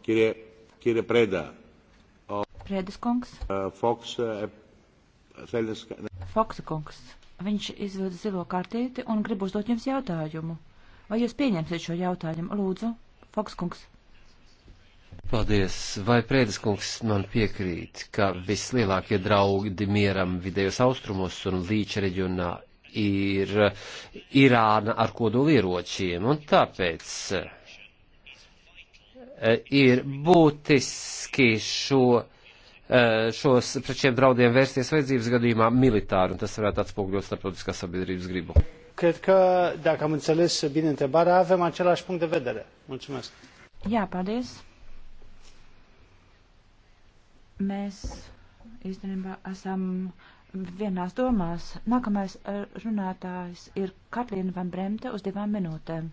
Κύριε, κύριε Πρέντα, Priedes kungs. Uh, Foks, uh, Felis... Foksa kungs, viņš izvilda zilo kartīti un grib uzdot jums jautājumu. Vai jūs pieņemsiet šo jautājumu? Lūdzu, Foks kungs. Paldies. Vai Prēdes kungs man piekrīt, ka vislielākie draugi mieram vidējos austrumos un līča reģionā ir uh, Irāna ar kodolieročiem, un tāpēc ir būtiski šo Eh, šos pret šiem draudiem vērsties vajadzības gadījumā militāri, un tas varētu atspūgļot starptautiskā sabiedrības gribu. Cred că, dacă am înțeles bine întrebarea, avem același punct de vedere. Mulțumesc. Jā, paldies. Mēs īstenībā esam vienās domās. Nākamais eh, runātājs ir Katlīna Van Bremte uz divām minūtēm.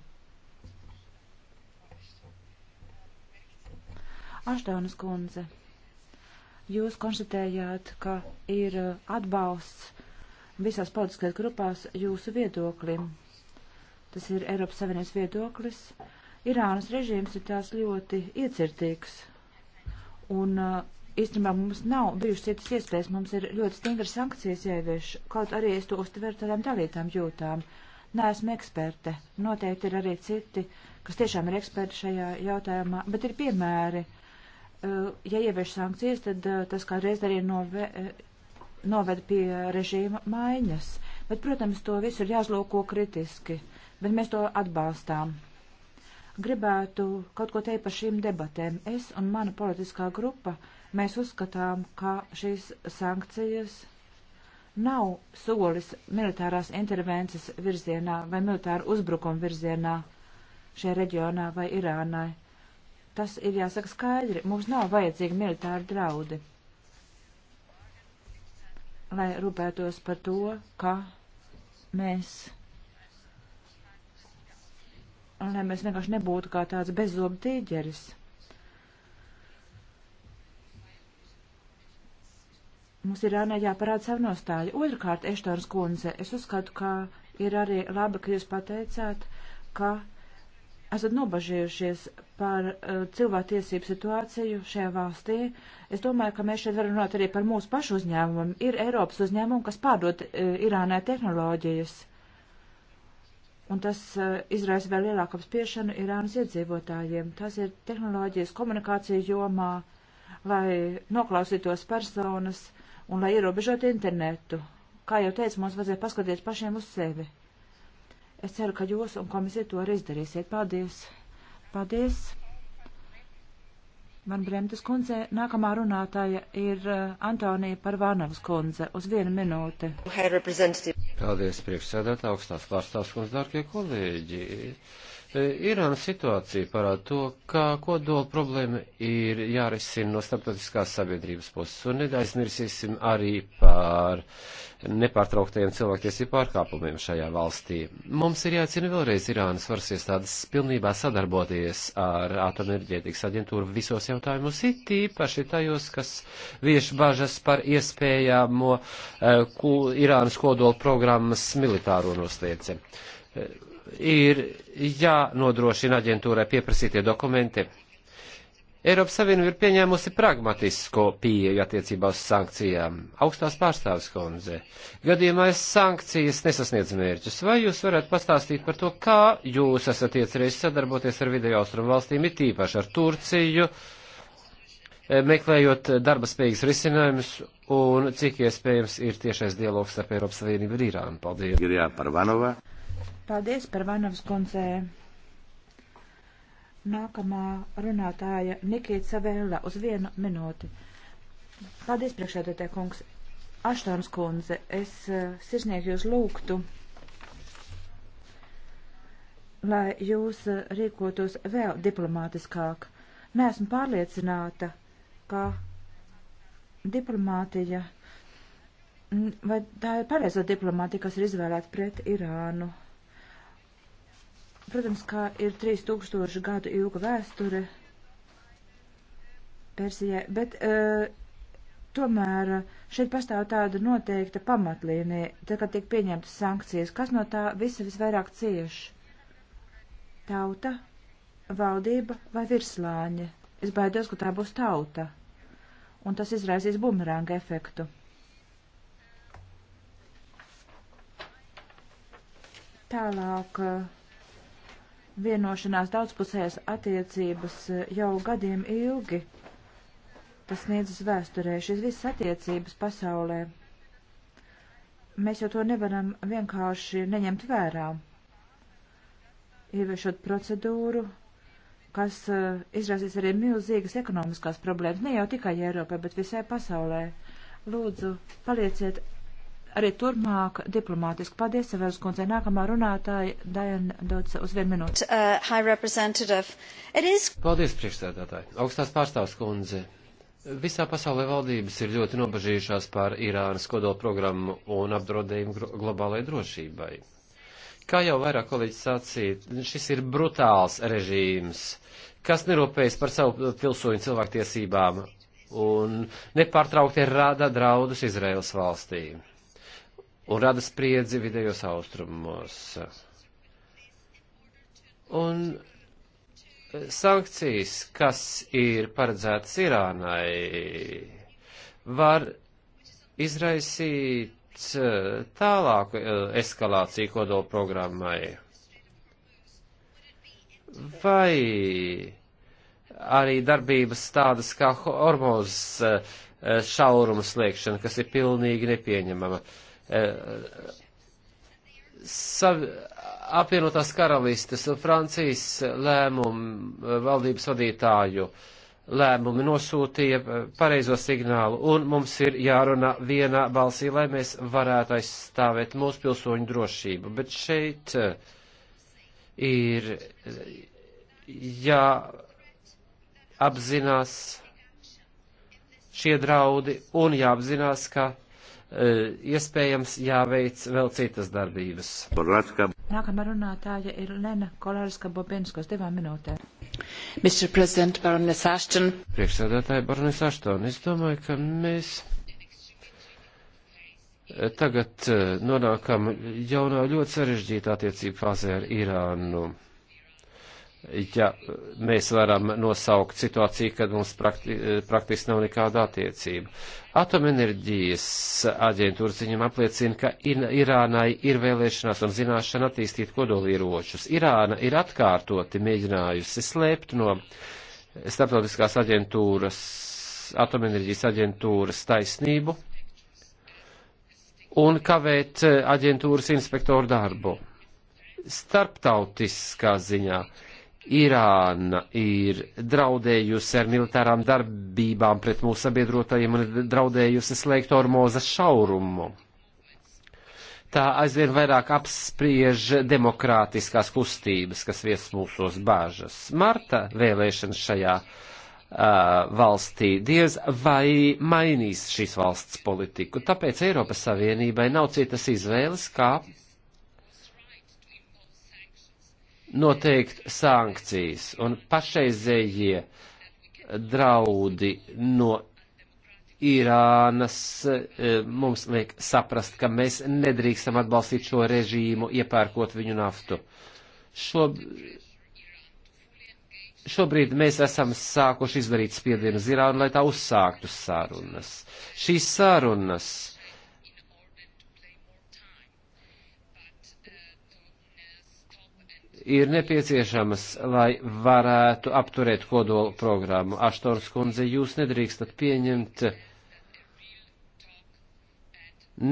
Ašdonas kundze. Jūs konstatējāt, ka ir uh, atbalsts visās politiskajās grupās jūsu viedoklim. Tas ir Eiropas Savienības viedoklis. Irānas režīms ir tās ļoti iecirtīgs. Un uh, īstenībā mums nav bijušas citas iespējas, mums ir ļoti stingras sankcijas ievieš, kaut arī es to uztveru tādām dalītām jūtām. Neesmu eksperte, noteikti ir arī citi, kas tiešām ir eksperti šajā jautājumā, bet ir piemēri. Uh, Eh, ja ievieš sankcijas, tad eh, tas kādreiz arī nove, eh, noved pie režīma maiņas. Bet, protams, to visu ir jāzlūko kritiski, bet mēs to atbalstām. Gribētu kaut ko teikt par šīm debatēm. Es un mana politiskā grupa, mēs uzskatām, ka šīs sankcijas nav solis militārās intervences virzienā vai militāru uzbrukumu virzienā šajā reģionā vai Irānai. Tas ir jāsaka skaidri. Mums nav vajadzīgi militāri draudi, lai rūpētos par to, ka mēs, lai mēs vienkārši nebūtu kā tāds bezzobu tīģeris. Mums ir Irānai jāparāda savu nostāju. Otrakārt, Eštons kundze, es uzskatu, ka ir arī labi, ka jūs pateicāt, ka esat nobažījušies par uh, cilvēktiesību situāciju šajā valstī. Es domāju, ka mēs šeit varam runāt arī par mūsu pašu uzņēmumu. Ir Eiropas uzņēmumu, kas pārdod uh, Irānai tehnoloģijas. Un tas uh, izraisa vēl lielāku apspiešanu Irānas iedzīvotājiem. Tas ir tehnoloģijas komunikācija jomā, lai noklausītos personas un lai ierobežotu internetu. Kā jau teicu, mums vajadzēja paskatīties pašiem uz sevi. Es ceru, ka jūs un komisija to arī izdarīsiet. Paldies! Paldies! Man Bremtas kundze, nākamā runātāja ir eh, Antonija Parvānavas kundze uz vienu minūti. Paldies, priekšsēdētā augstās pārstāvs kundze, dārgie kolēģi! E, Irānas situācija parāda to, ka kodola problēma ir jārisina no starptautiskās sabiedrības puses, un neaizmirsīsim arī par nepārtrauktajiem cilvēktiesību pārkāpumiem šajā valstī. Mums ir jācina vēlreiz Irānas varas iestādes pilnībā sadarboties ar atomenerģētikas aģentūru visos jautājumos, it īpaši tajos, kas vieš bažas par iespējamo uh, Irānas kodola programmas militāro noslēdzi. Uh, e, ir jānodrošina aģentūrai pieprasītie dokumenti. Eiropas Savienība ir pieņēmusi pragmatisko pieeju attiecībā uz sankcijām. Augstās pārstāvis Honze, gadījumā es sankcijas nesasniedz mērķus. Vai jūs varētu pastāstīt par to, kā jūs esat iecerējis sadarboties ar Vidēju Austrumu valstīm, it īpaši ar Turciju, eh, meklējot darba spējīgas risinājumus un cik iespējams ir tiešais dialogs starp Eiropas Savienību un Irānu? Paldies! Paldies par Vanovas kundzē. Nākamā runātāja Nikita Savēla uz vienu minūti. Paldies, priekšēdētē kungs. Aštons kundze, es uh, eh, sirsnieku jūs lūgtu, lai jūs uh, rīkotos vēl diplomātiskāk. Nesmu pārliecināta, ka diplomātija, mm, vai tā ir pareizā diplomātija, kas ir izvēlēta pret Irānu. Protams, kā ir 3000 gadu ilga vēsture Persijai, bet uh, tomēr šeit pastāv tāda noteikta pamatlīnija, tad, kad tiek pieņemtas sankcijas, kas no tā visa visvairāk cieš? Tauta, valdība vai virslāņi? Es baidos, ka tā būs tauta, un tas izraisīs bumeranga efektu. Tālāk. Uh, vienošanās daudzpusējās attiecības eh, jau gadiem ilgi. Tas sniedzas vēsturē, šīs visas attiecības pasaulē. Mēs jau to nevaram vienkārši neņemt vērā. Ieviešot procedūru, kas uh, izraisīs arī milzīgas ekonomiskās problēmas, ne jau tikai Eiropai, bet visai pasaulē. Lūdzu, palieciet arī turpmāk diplomātiski. Paldies, Severas kundze. Nākamā runātāja Dajana Dots uz vienu minūti. Uh, is... Paldies, priekšsēdētāji. Augstās pārstāvs kundze. Visā pasaulē valdības ir ļoti nobažījušās par Irānas kodola programmu un apdraudējumu globālajai drošībai. Kā jau vairāk kolēģis sacīja, šis ir brutāls režīms, kas nerūpējas par savu pilsoņu cilvēktiesībām un nepārtraukti rada draudus Izraels valstīm un rada spriedzi vidējos austrumos. Un sankcijas, kas ir paredzētas Irānai, var izraisīt eh, tālāku eh, eskalāciju kodola programmai. Vai arī darbības tādas kā hormozes eh, šauruma slēgšana, kas ir pilnīgi nepieņemama. Uh, sav, apvienotās karalistes un Francijas lēmumu valdības vadītāju lēmumi nosūtīja pareizo signālu, un mums ir jārunā vienā balsī, lai mēs varētu aizstāvēt mūsu pilsoņu drošību. Bet šeit eh, ir jāapzinās šie draudi un jāapzinās, ka Eh, iespējams jāveic vēl citas darbības. Nākamā runātāja ir Lena Kolārska Bobinskos divām minūtēm. Mr. President, Baroness Ashton. Priekšsēdētāja Baroness Ashton, es domāju, ka mēs eh, tagad eh, nonākam jaunā ļoti sarežģītā attiecību fāzē ar Irānu ja mēs varam nosaukt situāciju, kad mums prakti, praktiski nav nekāda attiecība. Atomenerģijas aģentūra ziņam apliecina, ka Irānai ir vēlēšanās un zināšana attīstīt kodolieročus. Irāna ir atkārtoti mēģinājusi slēpt no starptautiskās aģentūras, atomenerģijas aģentūras taisnību un kavēt aģentūras inspektoru darbu. Starptautiskā ziņā Irāna ir draudējusi ar militārām darbībām pret mūsu sabiedrotajiem un draudējusi slēgt Ormozas šaurumu. Tā aizvien vairāk apspriež demokrātiskās kustības, kas vies mūsos bāžas. Marta vēlēšanas šajā uh, valstī diez vai mainīs šīs valsts politiku, tāpēc Eiropas Savienībai nav citas izvēles, kā noteikt sankcijas un pašreizējie draudi no Irānas eh, mums liek saprast, ka mēs nedrīkstam atbalstīt šo režīmu, iepērkot viņu naftu. Šob... Šobrīd mēs esam sākuši izdarīt spiedienu uz Irānu, lai tā uzsāktu sarunas. Šīs sarunas ir nepieciešamas, lai varētu apturēt kodolu programmu. Aštors kundze, jūs nedrīkstat pieņemt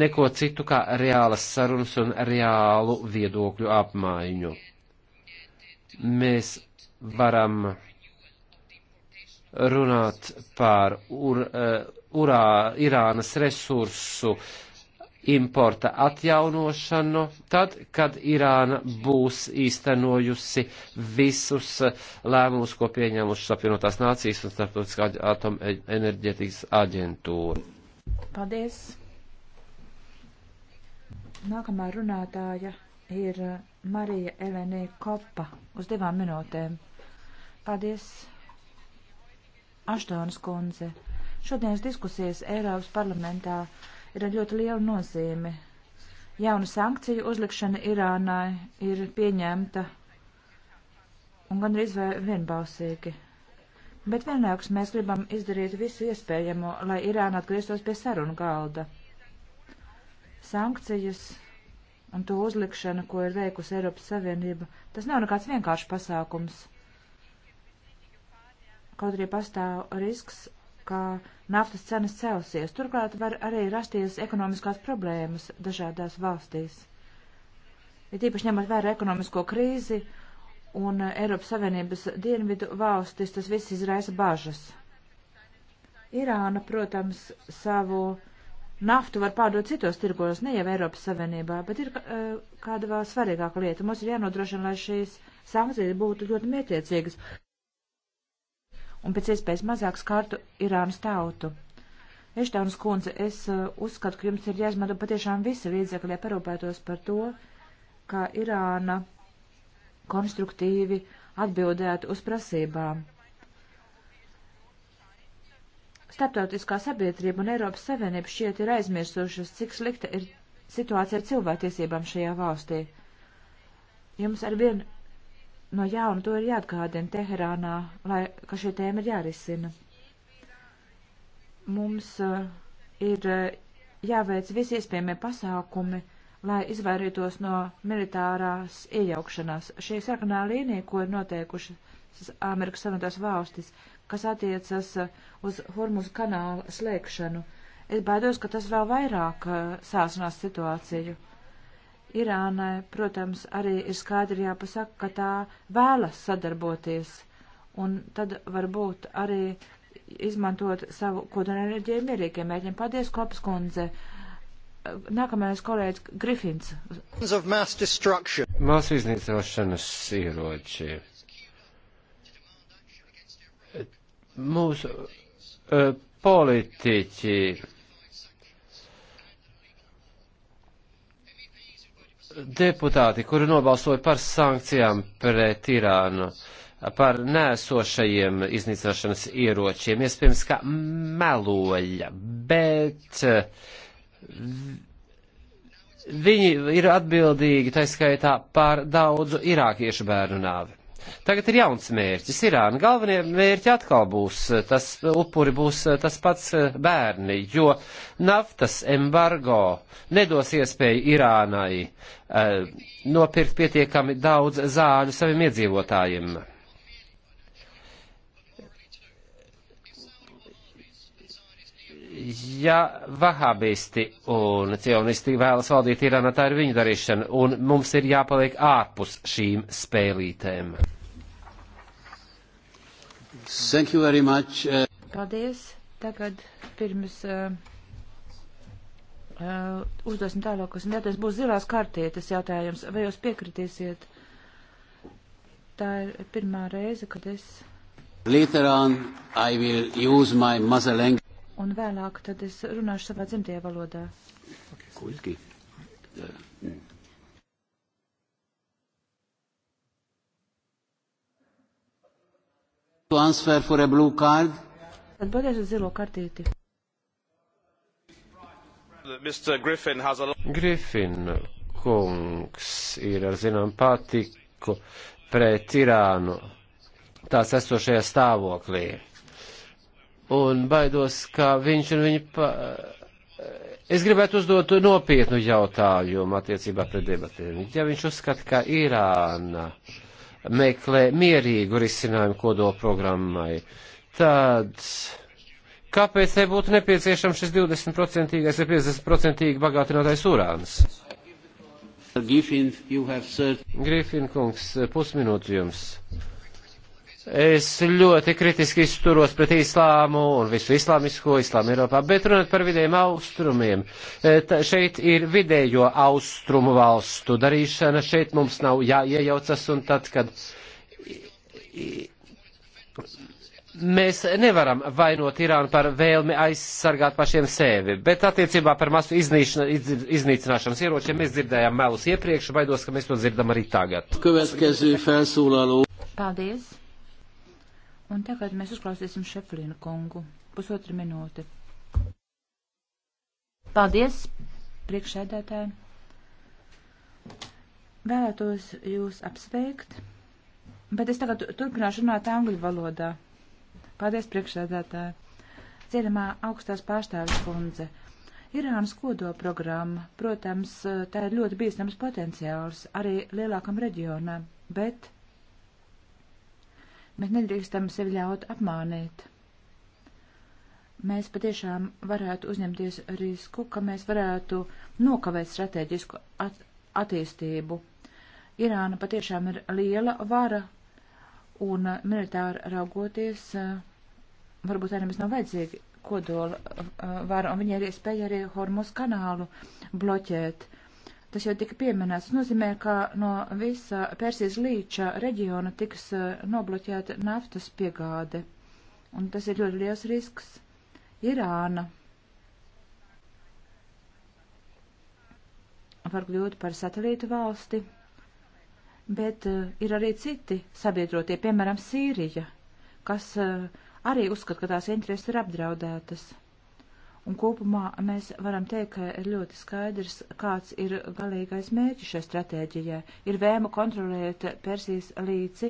neko citu kā reālas sarunas un reālu viedokļu apmaiņu. Mēs varam runāt par ur, uh, urā, Irānas resursu uh, importa atjaunošanu, tad, kad Irāna būs īstenojusi visus eh, lēmumus, ko pieņēmušas apvienotās nācijas un starptautiskā atomenerģētikas aģentūra. Paldies! Nākamā runātāja ir eh, Marija Elenī Kopa uz divām minūtēm. Paldies, Ašdonas kundze. Šodienas diskusijas Eiropas parlamentā ir ar ļoti lielu nozīmi. Jauna sankciju uzlikšana Irānai ir pieņemta un gandrīz vai vienbalsīgi. Bet vienlaikus mēs gribam izdarīt visu iespējamo, lai Irāna atgrieztos pie sarunu galda. Sankcijas un to uzlikšana, ko ir veikusi Eiropas Savienība, tas nav nekāds vienkāršs pasākums. Kaut arī pastāv risks ka naftas cenas celsies. Turklāt var arī rasties ekonomiskās problēmas dažādās valstīs. Ir īpaši ņemot vērā ekonomisko krīzi un Eiropas Savienības dienvidu valstis, tas viss izraisa bažas. Irāna, protams, savu naftu var pārdot citos tirgos, ne jau Eiropas Savienībā, bet ir eh, kāda vēl svarīgāka lieta. Mums ir jānodrošina, lai šīs sankcijas būtu ļoti mērķiecīgas un pēc iespējas mazāk skartu Irānas tautu. Eštānas kundze, es eh, uzskatu, ka jums ir jāizmanto patiešām visi līdzekļi, lai parūpētos par to, kā Irāna konstruktīvi atbildētu uz prasībām. Starptautiskā sabiedrība un Eiropas Savienība šiet ir aizmirsušas, cik slikta ir situācija ar cilvēktiesībām šajā valstī. Jums arvien no jauna to ir jāatgādina Teherānā, lai, ka šī tēma ir jārisina. Mums uh, ir uh, jāveic visi iespējamie pasākumi, lai izvairītos no militārās iejaukšanās. Šī sarkanā līnija, ko ir noteikuši Amerikas Savienotās valstis, kas attiecas eh, uz Hormuz kanāla slēgšanu, es baidos, ka tas vēl vairāk uh, sāsinās situāciju. Irānai, protams, arī ir skaidri jāpasaka, ka tā vēlas sadarboties, un tad varbūt arī izmantot savu kodolenerģiju mierīgiem mērķiem. Paldies, Kopas kundze! Nākamais kolēģis Grifins. Mās iznīcināšanas ieroči. Mūsu uh, politiķi deputāti, kuri nobalsoja par sankcijām pret Irānu, par nēsošajiem iznīcināšanas ieročiem, iespējams, ka meloja, bet eh, viņi ir atbildīgi taiskaitā par daudzu irākiešu bērnu nāvi. Tagad ir jauns mērķis. Irāna galvenie mērķi atkal būs, eh, tas upuri būs eh, tas pats eh, bērni, jo naftas embargo nedos iespēju Irānai uh, nopirkt pietiekami daudz zāļu saviem iedzīvotājiem. ja vahābisti un cionisti vēlas valdīt Irānā, tā ir viņu darīšana, un mums ir jāpaliek ārpus šīm spēlītēm. Thank you very much. Uh, Paldies. Tagad pirms uh, uh, uzdosim tālākos jautājumus, būs zilās kartietes jautājums. Vai jūs piekritīsiet? Tā ir pirmā reize, kad es. Later on I will use my mother language un vēlāk tad es runāšu savā dzimtajā valodā. Okay. Ko es gribu? Uh, Transfer for a blue card. Atbildēs uz zilo kartīti. Mr. Griffin has a lot... Griffin kungs ir ar zinām patiku pret Irānu tās esošajā stāvoklī un baidos, ka viņš un viņa. Pa... Es gribētu uzdot nopietnu jautājumu attiecībā pret debatēm. Ja viņš uzskata, ka Irāna meklē mierīgu risinājumu kodolprogrammai, tad kāpēc nebūtu nepieciešams šis 20% vai 50% bagātinātais urāns? Grifin, certain... Grifin kungs, pusminūte jums. Es ļoti kritiski izturos pret islāmu un visu islāmisko islāmu Eiropā, bet runāt par vidējiem austrumiem. E, Tā, šeit ir vidējo austrumu valstu darīšana, šeit mums nav jāiejaucas un tad, kad mēs nevaram vainot Irānu par vēlmi aizsargāt pašiem sevi, bet attiecībā par masu iznīšana, iz, iznīcināšanas ieročiem mēs dzirdējām melus iepriekš, baidos, ka mēs to dzirdam arī tagad. Paldies! Un tagad mēs uzklausīsim Šeflinu kungu. Pusotru minūti. Paldies, priekšsēdētāji. Vēlētos jūs apsveikt, bet es tagad turpināšu runāt angļu valodā. Paldies, priekšsēdētāji. Cienamā augstās pārstāvis kundze. Irānas kodoprogramma, protams, tā ir ļoti bīstams potenciāls arī lielākam reģionam, bet Mēs nedrīkstam sevi ļaut apmānīt. Mēs patiešām varētu uzņemties risku, ka mēs varētu nokavēt strateģisku at attīstību. Irāna patiešām ir liela vara, un militāri raugoties, eh, varbūt arī mums nav vajadzīgi kodola eh, vara, un viņi arī spēja arī Hormuz kanālu bloķēt. Uh, Tas jau tika pieminēts. Tas nozīmē, ka no visa Persijas līča reģiona tiks eh, nobloķēta naftas piegāde. Un tas ir ļoti liels risks. Irāna var kļūt par satelītu valsti, bet uh, ir arī citi sabiedrotie, piemēram, Sīrija, kas uh, arī uzskata, ka tās intereses ir apdraudētas. Un kopumā mēs varam teikt, ka ir ļoti skaidrs, kāds ir galīgais mērķis šai stratēģijai. Ir vēma kontrolēt Persijas līci,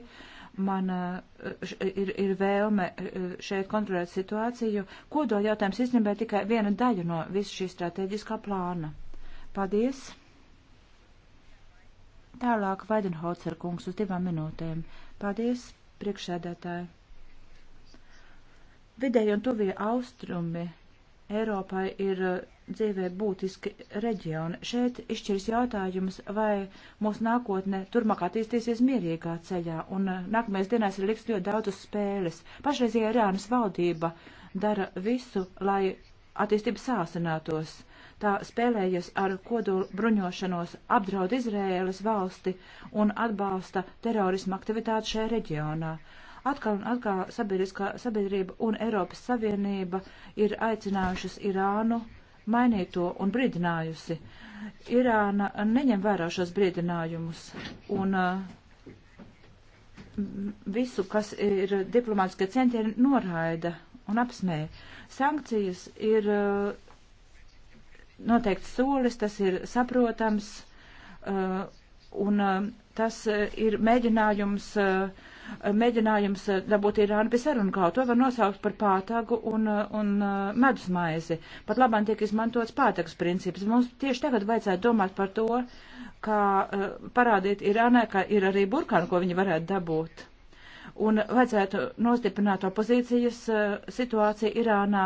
man eh, š, ir, ir vēlme eh, šeit kontrolēt situāciju. Kodola jautājums īstenībā tikai viena daļa no visu šī stratēģiskā plāna. Paldies! Tālāk Vaidenhocer kungs uz divām minūtēm. Paldies, priekšsēdētāji! Vidēji un tuvie austrumi Eiropai ir eh, dzīvē būtiski reģioni. Šeit izšķirs jautājums, vai mūsu nākotne turmāk attīstīsies mierīgā ceļā, un eh, nākamajās dienās ir liks ļoti daudz uz spēles. Pašreizējā Irānas valdība dara visu, lai attīstība sāsinātos. Tā spēlējas ar kodolu bruņošanos, apdraud Izrēlas valsti un atbalsta terorismu aktivitāti šajā reģionā. Atkal un atkal sabiedrība un Eiropas Savienība ir aicinājušas Irānu mainīt to un brīdinājusi. Irāna neņem vērā šos brīdinājumus un uh, visu, kas ir diplomātiskie centieni, noraida un apsmē. Sankcijas ir uh, noteikts solis, tas ir saprotams, uh, un tas ir mēģinājums uh, mēģinājums eh, dabūt Irānu pie sarunu kā. To var nosaukt par pātagu un, eh, un eh, medusmaizi. Pat labāk tiek izmantots pātagas princips. Mums tieši tagad vajadzētu domāt par to, kā parādīt Irānai, ka ir arī burkāni, ko viņi varētu dabūt. Un vajadzētu nostiprināt opozīcijas situāciju Irānā,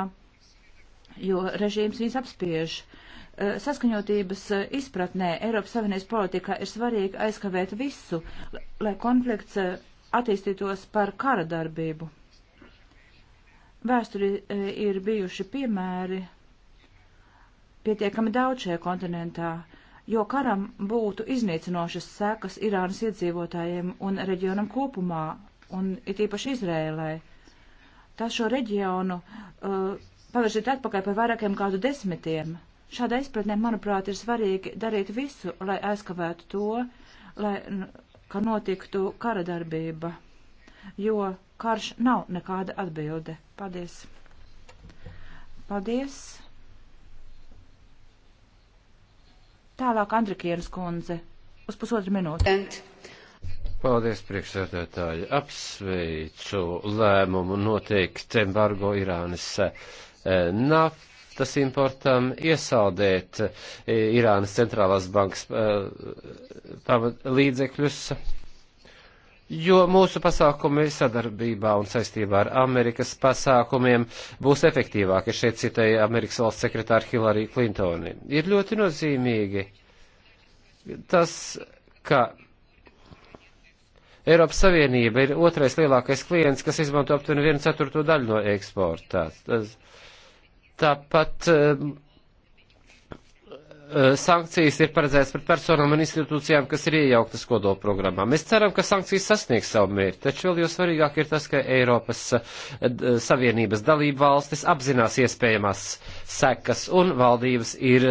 jo režīms viņus apspiež. Saskaņotības izpratnē Eiropas Savienības politikā ir svarīgi aizkavēt visu, lai konflikts attīstītos par kara darbību. Vēsturi e, ir bijuši piemēri pietiekami daudz šajā kontinentā, jo karam būtu iznīcinošas sekas Irānas iedzīvotājiem un reģionam kopumā, un it īpaši Izrēlē. Tas šo reģionu uh, e, paviršīt atpakaļ par vairākiem kādu desmitiem. Šāda izpratnē, manuprāt, ir svarīgi darīt visu, lai aizkavētu to, lai ka notiktu kara darbība, jo karš nav nekāda atbilde. Paldies! Paldies! Tālāk Andrikienas kundze uz pusotru minūti. Paldies, priekšsēdētāji. Apsveicu lēmumu noteikt embargo Irānas eh, naftu naftas importam, iesaldēt eh, Irānas centrālās bankas eh, līdzekļus, jo mūsu pasākumi sadarbībā un saistībā ar Amerikas pasākumiem būs efektīvāki. Šeit citēja Amerikas valsts sekretāra Hillary Clintoni. Ir ļoti nozīmīgi tas, ka Eiropas Savienība ir otrais lielākais klients, kas izmanto aptuveni 1 ceturto daļu no eksportā. Tas, Tāpat eh, eh, sankcijas ir paredzētas pret personām un institūcijām, kas ir iejauktas kodola programmā. Mēs ceram, ka sankcijas sasniegs savu mērķi, taču vēl jau svarīgāk ir tas, ka Eiropas eh, Savienības dalība valstis apzinās iespējamās sekas un valdības ir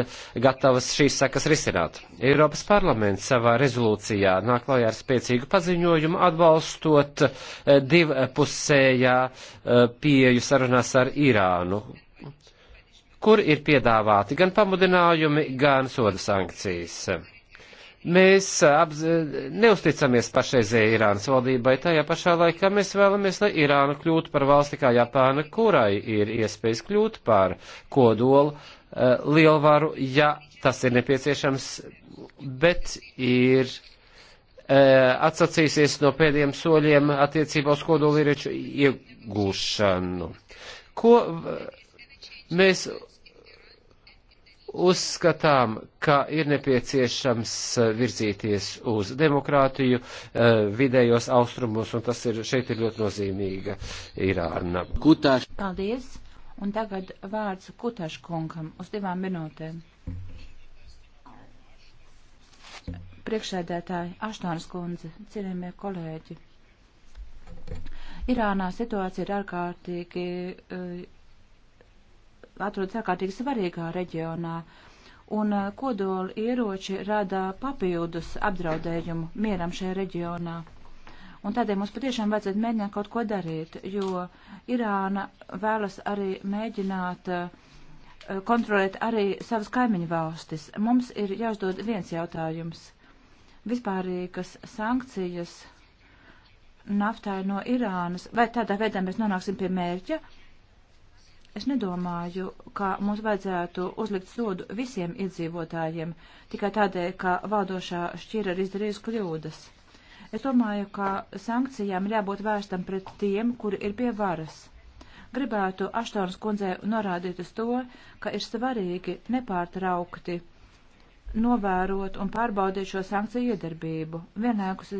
gatavas šīs sekas risināt. Eiropas parlaments savā rezolūcijā nāk klajā ar spēcīgu paziņojumu atbalstot divpusējā pieju sarunās ar Irānu, kur ir piedāvāti gan pamudinājumi, gan soda sankcijas. Mēs apz... neusticamies pašreizējai Irānas valdībai, tajā pašā laikā mēs vēlamies, lai Irāna kļūtu par valsti kā Japāna, kurai ir iespējas kļūt par kodolu uh, lielvaru, ja tas ir nepieciešams, bet ir uh, atsacīsies no pēdējiem soļiem attiecībā uz kodolīrieču iegūšanu. Ko uh, mēs uzskatām, ka ir nepieciešams eh, virzīties uz demokrātiju eh, vidējos austrumos, un tas ir šeit ir ļoti nozīmīga Irāna. Kutāš. Paldies, un tagad vārds Kutāš kungam uz divām minūtēm. Priekšsēdētāji, Aštānas kundze, cienījamie kolēģi. Irānā situācija ir ārkārtīgi. Uh, atrodas ārkārtīgi svarīgā reģionā, un eh, kodoli ieroči rada papildus apdraudējumu mieram šajā reģionā. Un tādēļ mums patiešām vajadzētu mēģināt kaut ko darīt, jo Irāna vēlas arī mēģināt eh, kontrolēt arī savas kaimiņu valstis. Mums ir jāuzdod viens jautājums. Vispārīgas sankcijas naftai no Irānas, vai tādā veidā mēs nonāksim pie mērķa, Es nedomāju, ka mums vajadzētu uzlikt sodu visiem iedzīvotājiem tikai tādēļ, ka valdošā šķira ir izdarījusi kļūdas. Es domāju, ka sankcijām ir jābūt vērstam pret tiem, kuri ir pie varas. Gribētu Aštonas kundzē norādīt uz to, ka ir svarīgi nepārtraukti novērot un pārbaudīt šo sankciju iedarbību. Vienlaikus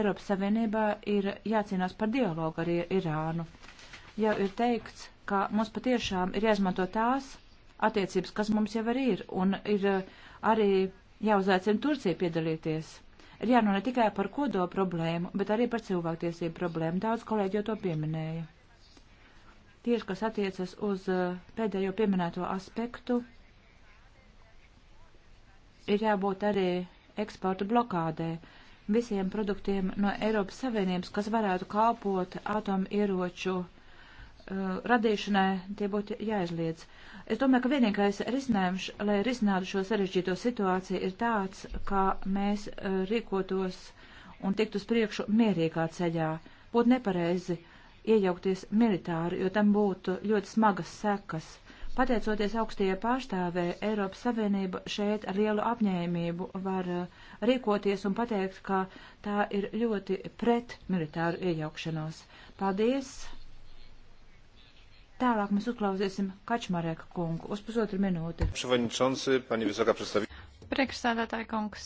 Eiropas Savienībā ir jācīnās par dialogu ar Irānu. Jau ir teikts, ka mums patiešām ir jāizmanto tās attiecības, kas mums jau arī ir, un ir eh, arī jāuzaicina Turcija piedalīties. Ir jārunā ne tikai par kodo problēmu, bet arī par cilvēktiesību problēmu. Daudz kolēģi jau to pieminēja. Tieši, kas attiecas uz eh, pēdējo pieminēto aspektu, ir jābūt arī eksporta blokādē visiem produktiem no Eiropas Savienības, kas varētu kalpot atomieroču ieroču Eh, radīšanai tie būtu jāizliedz. Es domāju, ka vienīgais risinājums, lai risinātu šo sarežģīto situāciju, ir tāds, kā mēs eh, rīkotos un tiktu uz priekšu mierīgā ceļā. Būtu nepareizi iejaukties militāri, jo tam būtu ļoti smagas sekas. Pateicoties augstajai pārstāvē, Eiropas Savienība šeit ar lielu apņēmību var eh, rīkoties un pateikt, ka tā ir ļoti pret militāru iejaukšanos. Paldies! Tālāk mēs uzklausīsim Kačmarēka kungu uz pusotru minūti. Priekšsēdētāja kungs,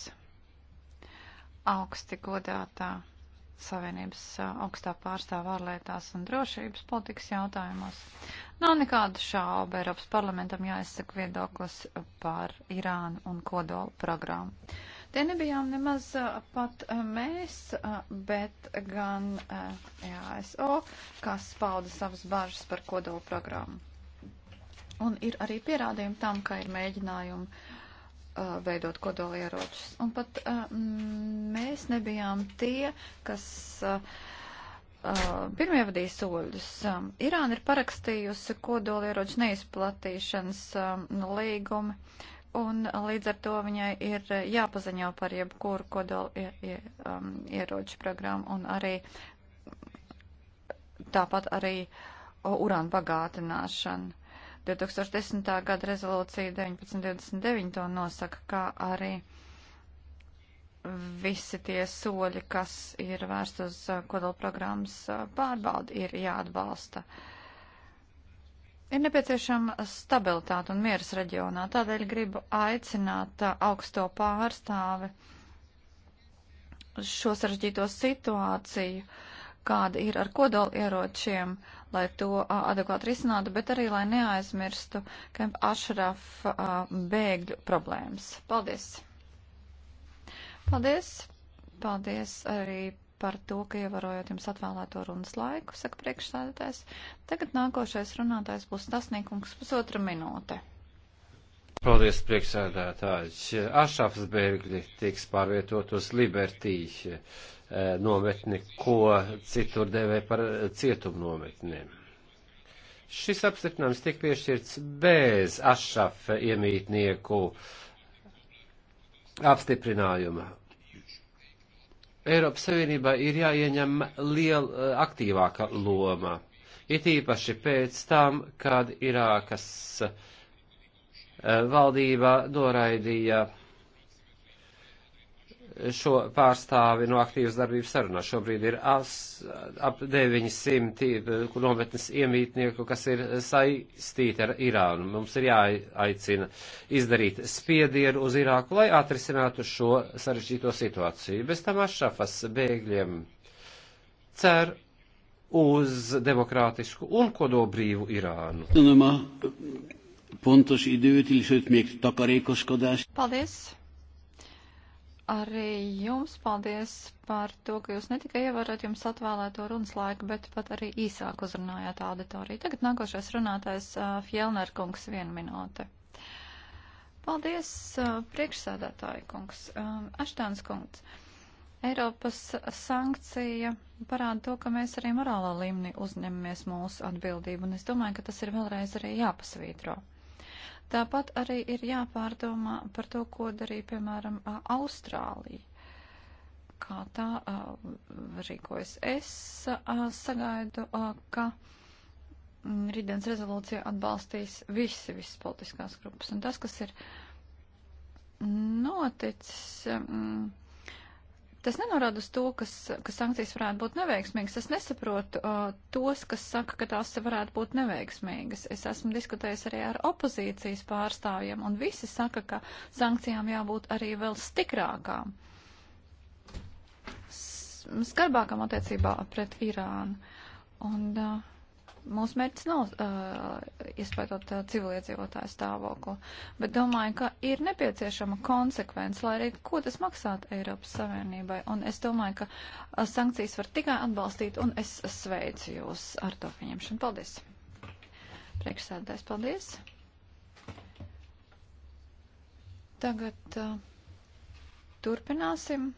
augsti godātā Savienības augstā pārstāvā ārlietās un drošības politikas jautājumos. Nav nekādu šaubu, Eiropas parlamentam jāizsaka viedoklis par Irānu un kodolu programmu. Te nebijām nemaz pat mēs, bet gan EASO, kas pauda savas bažas par kodolu programmu. Un ir arī pierādījumi tam, ka ir mēģinājumi veidot kodolieročus. Un pat mēs nebijām tie, kas pirmie vadīja soļus. Irāna ir parakstījusi kodolieroču neizplatīšanas līgumu un līdz ar to viņai ir jāpaziņo par jebkuru kodolu um, ieroču programmu un arī tāpat arī urāna bagātināšana. 2010. gada rezolūcija 1929 to nosaka, kā arī visi tie soļi, kas ir vērst uz uh, kodola programmas uh, pārbaudi, ir jāatbalsta. Uh, Ir nepieciešama stabilitāte un mieras reģionā. Tādēļ gribu aicināt uh, augsto pārstāvi šo sarežģīto situāciju, kāda ir ar kodoli ieročiem, lai to uh, adekvāti risinātu, bet arī, lai neaizmirstu Kemp Ašraf uh, bēgļu problēmas. Paldies! Paldies! Paldies arī par to, ka ievērojot jums atvēlēto runas laiku, saka priekšsēdētājs. Tagad nākošais runātājs būs Tasnīkums pusotra minūte. Paldies, priekšsēdētājs. Ašafs bēgļi tiks pārvietot uz Libertīši eh, nometni, ko citur devē par cietumu nometniem. Šis apstiprinājums tika piešķirts bez Ašafa iemītnieku apstiprinājuma Eiropas Savienībā ir jāieņem liela, eh, aktīvāka loma. It īpaši pēc tam, kad Irākas eh, valdība noraidīja šo pārstāvi no aktīvas darbības sarunā. Šobrīd ir as, ap 900 eh, nometnes iemītnieku, kas ir saistīti ar Irānu. Mums ir jāaicina izdarīt spiedienu uz Irāku, lai atrisinātu šo sarežģīto situāciju. Bez tam Ašrafas bēgļiem cer uz demokrātisku un kodobrīvu Irānu. Paldies! Arī jums paldies par to, ka jūs ne tikai ievarat jums atvēlēto runas laiku, bet pat arī īsāk uzrunājāt auditoriju. Tagad nākošais runātājs uh, Fjellner kungs vienu minūte. Paldies, uh, priekšsēdētāji kungs. Uh, Aštāns kungs. Eiropas sankcija parāda to, ka mēs arī morālā līmenī uzņemamies mūsu atbildību, un es domāju, ka tas ir vēlreiz arī jāpasvītro. Uh, Tāpat arī ir jāpārdomā par to, ko darīja, piemēram, Austrālija. Kā tā rīkojas? Es sagaidu, ka rītdienas rezolūcija atbalstīs visi, visas politiskās grupas. Un tas, kas ir noticis Tas nenorāda uz to, kas, ka sankcijas varētu būt neveiksmīgas. Es nesaprotu uh, tos, kas saka, ka tās varētu būt neveiksmīgas. Es esmu diskutējis arī ar opozīcijas pārstāvjiem, un visi saka, ka sankcijām jābūt arī vēl stiprākām, skarbākām attiecībā pret Irānu. Un, uh, Mūsu mērķis nav uh, izpētot uh, civiliedzīvotāju stāvokli, bet domāju, ka ir nepieciešama konsekvence, lai arī ko tas maksātu Eiropas Savienībai. Un es domāju, ka uh, sankcijas var tikai atbalstīt, un es sveicu jūs ar to pieņemšanu. Paldies! Priekšsēdētājs, paldies! Tagad uh, turpināsim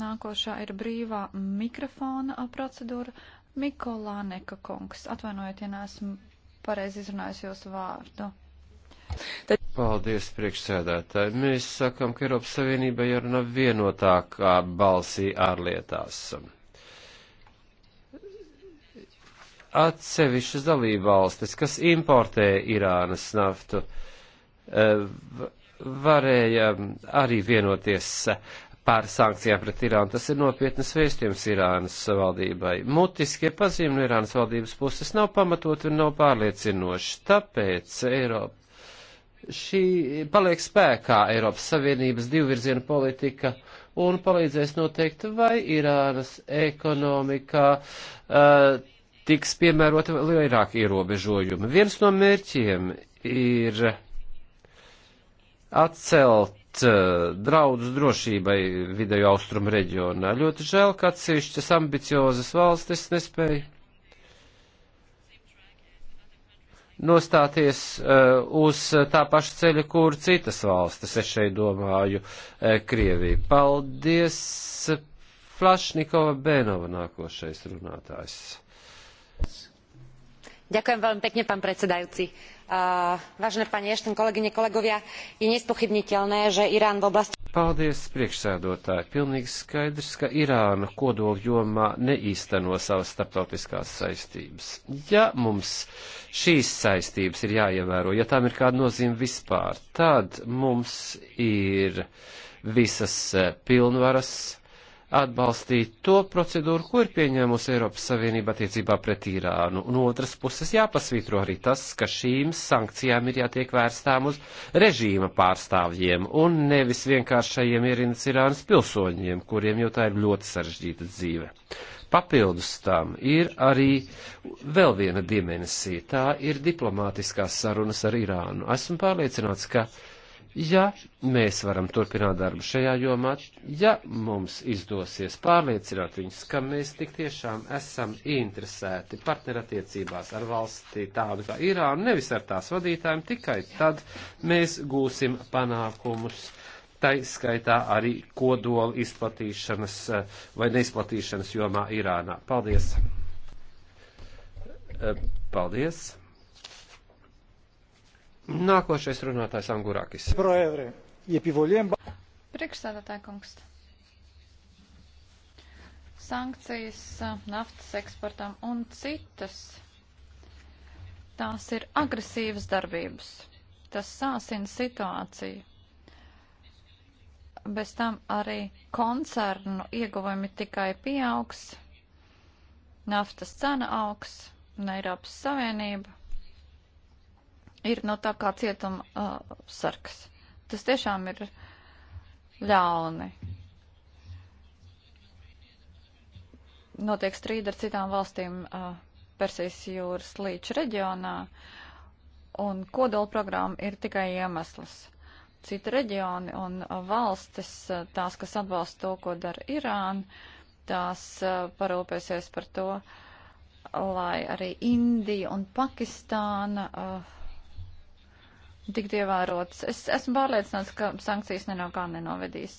nākošā ir brīvā mikrofona procedūra. Mikolāneka kungs, atvainojiet, ja neesmu pareizi izrunājis jūsu vārdu. Tad... Paldies, priekšsēdētāji. Mēs sakam, ka Eiropas Savienība jau nav vienotākā balsī ārlietās. Atsevišķas dalībvalstis, kas importē Irānas naftu, eh, varēja arī vienoties par sankcijām pret Irānu. Tas ir nopietnas vēstījums Irānas valdībai. Mutiskie pazīmi no Irānas valdības puses nav pamatot un nav pārliecinoši. Tāpēc Eiropa šī paliek spēkā Eiropas Savienības divvirziena politika un palīdzēs noteikt, vai Irānas ekonomikā uh, tiks piemērota vairāk ierobežojumi. Viens no mērķiem ir atcelt Eh, draudus drošībai vidēju austrumu reģionā. Ļoti žēl, ka atsevišķas ambiciozas valstis nespēja nostāties uh, uz tā paša ceļa, kur citas valstis, es šeit domāju, uh, Krievija. Paldies, Flašnikova Bēnova nākošais runātājs. Ďakujem veľmi pekne, pán predsedajúci Vážená pani Ešten, kolegyne, kolegovia, je nespochybniteľné, že Irán v oblasti. Paldies, priekšsēdotāji. Pilnīgi skaidrs, ka Irāna kodolu jomā neīsteno savas starptautiskās saistības. Ja mums šīs saistības ir jāievēro, ja tām ir kāda nozīme vispār, tad mums ir visas pilnvaras atbalstīt to procedūru, ko ir pieņēmusi Eiropas Savienība attiecībā pret Irānu. Un otras puses jāpasvītro arī tas, ka šīm sankcijām ir jātiek vērstām uz režīma pārstāvjiem un nevis vienkāršajiem ierindas Irānas pilsoņiem, kuriem jau tā ir ļoti sarežģīta dzīve. Papildus tam ir arī vēl viena dimensija, tā ir diplomātiskās sarunas ar Irānu. Esmu pārliecināts, ka Ja mēs varam turpināt darbu šajā jomā, ja mums izdosies pārliecināt viņus, ka mēs tik tiešām esam interesēti partnerattiecībās ar valsti tādu kā Irānu, nevis ar tās vadītājiem, tikai tad mēs gūsim panākumus tai skaitā arī kodola izplatīšanas eh, vai neizplatīšanas jomā Irānā. Paldies! Eh, paldies! Nākošais runātājs Angurākis. Priekšsēdētāja kungs. Sankcijas naftas eksportam un citas. Tās ir agresīvas darbības. Tas sāsina situāciju. Bez tam arī koncernu ieguvumi tikai pieaugs, naftas cena augs un Eiropas Savienība ir no nu, tā kā cietuma uh, sargs. Tas tiešām ir ļauni. Notiek strīda ar citām valstīm uh, Persijas jūras līča reģionā, un kodola programma ir tikai iemesls. Citi reģioni un uh, valstis, uh, tās, kas atbalsta to, ko dara Irāna, tās uh, parūpēsies par to, lai arī Indija un Pakistāna uh, tikt ievērotas. Es esmu pārliecināts, ka sankcijas nenokā nenovedīs.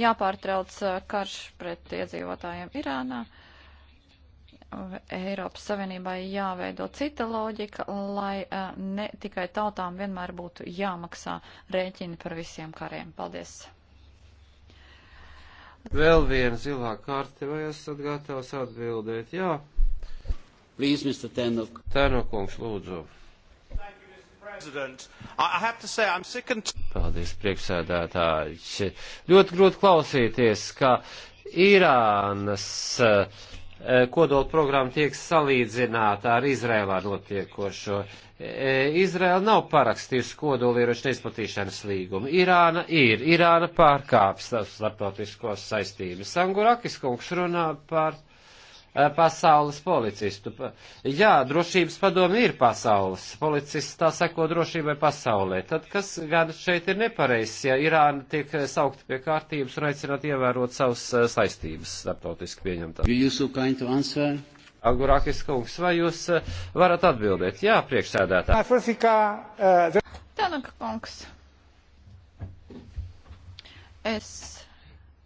Jāpārtrauc uh, karš pret iedzīvotājiem Irānā. Eiropas Savienībai jāveido cita loģika, lai uh, ne tikai tautām vienmēr būtu jāmaksā rēķini par visiem kariem. Paldies! Vēl viena zilā karte, vai esat gatavs atbildēt? Jā. Please, Mr. Tenok. Tenokungs, lūdzu. Paldies, priekšsēdētāji. Ļoti grūti klausīties, ka Irānas eh, kodola programma tiek salīdzināta ar Izrēlā notiekošo. Eh, Izrēla nav parakstījusi kodolieroču neizplatīšanas līgumu. Irāna ir. Irāna pārkāpj starptautiskos saistības. Angurakis kungs runā par Eh, pasaules policistu. Jā, drošības padomi ir pasaules. Policists tā seko drošībai pasaulē. Tad kas gan šeit ir nepareizs, ja Irāna tiek eh, saukta pie kārtības un aicināt ievērot savas eh, saistības starptautiski pieņemtās? Agurakis kungs, vai jūs varat atbildēt? Jā, priekšsēdētāji. Tanaka kungs. Es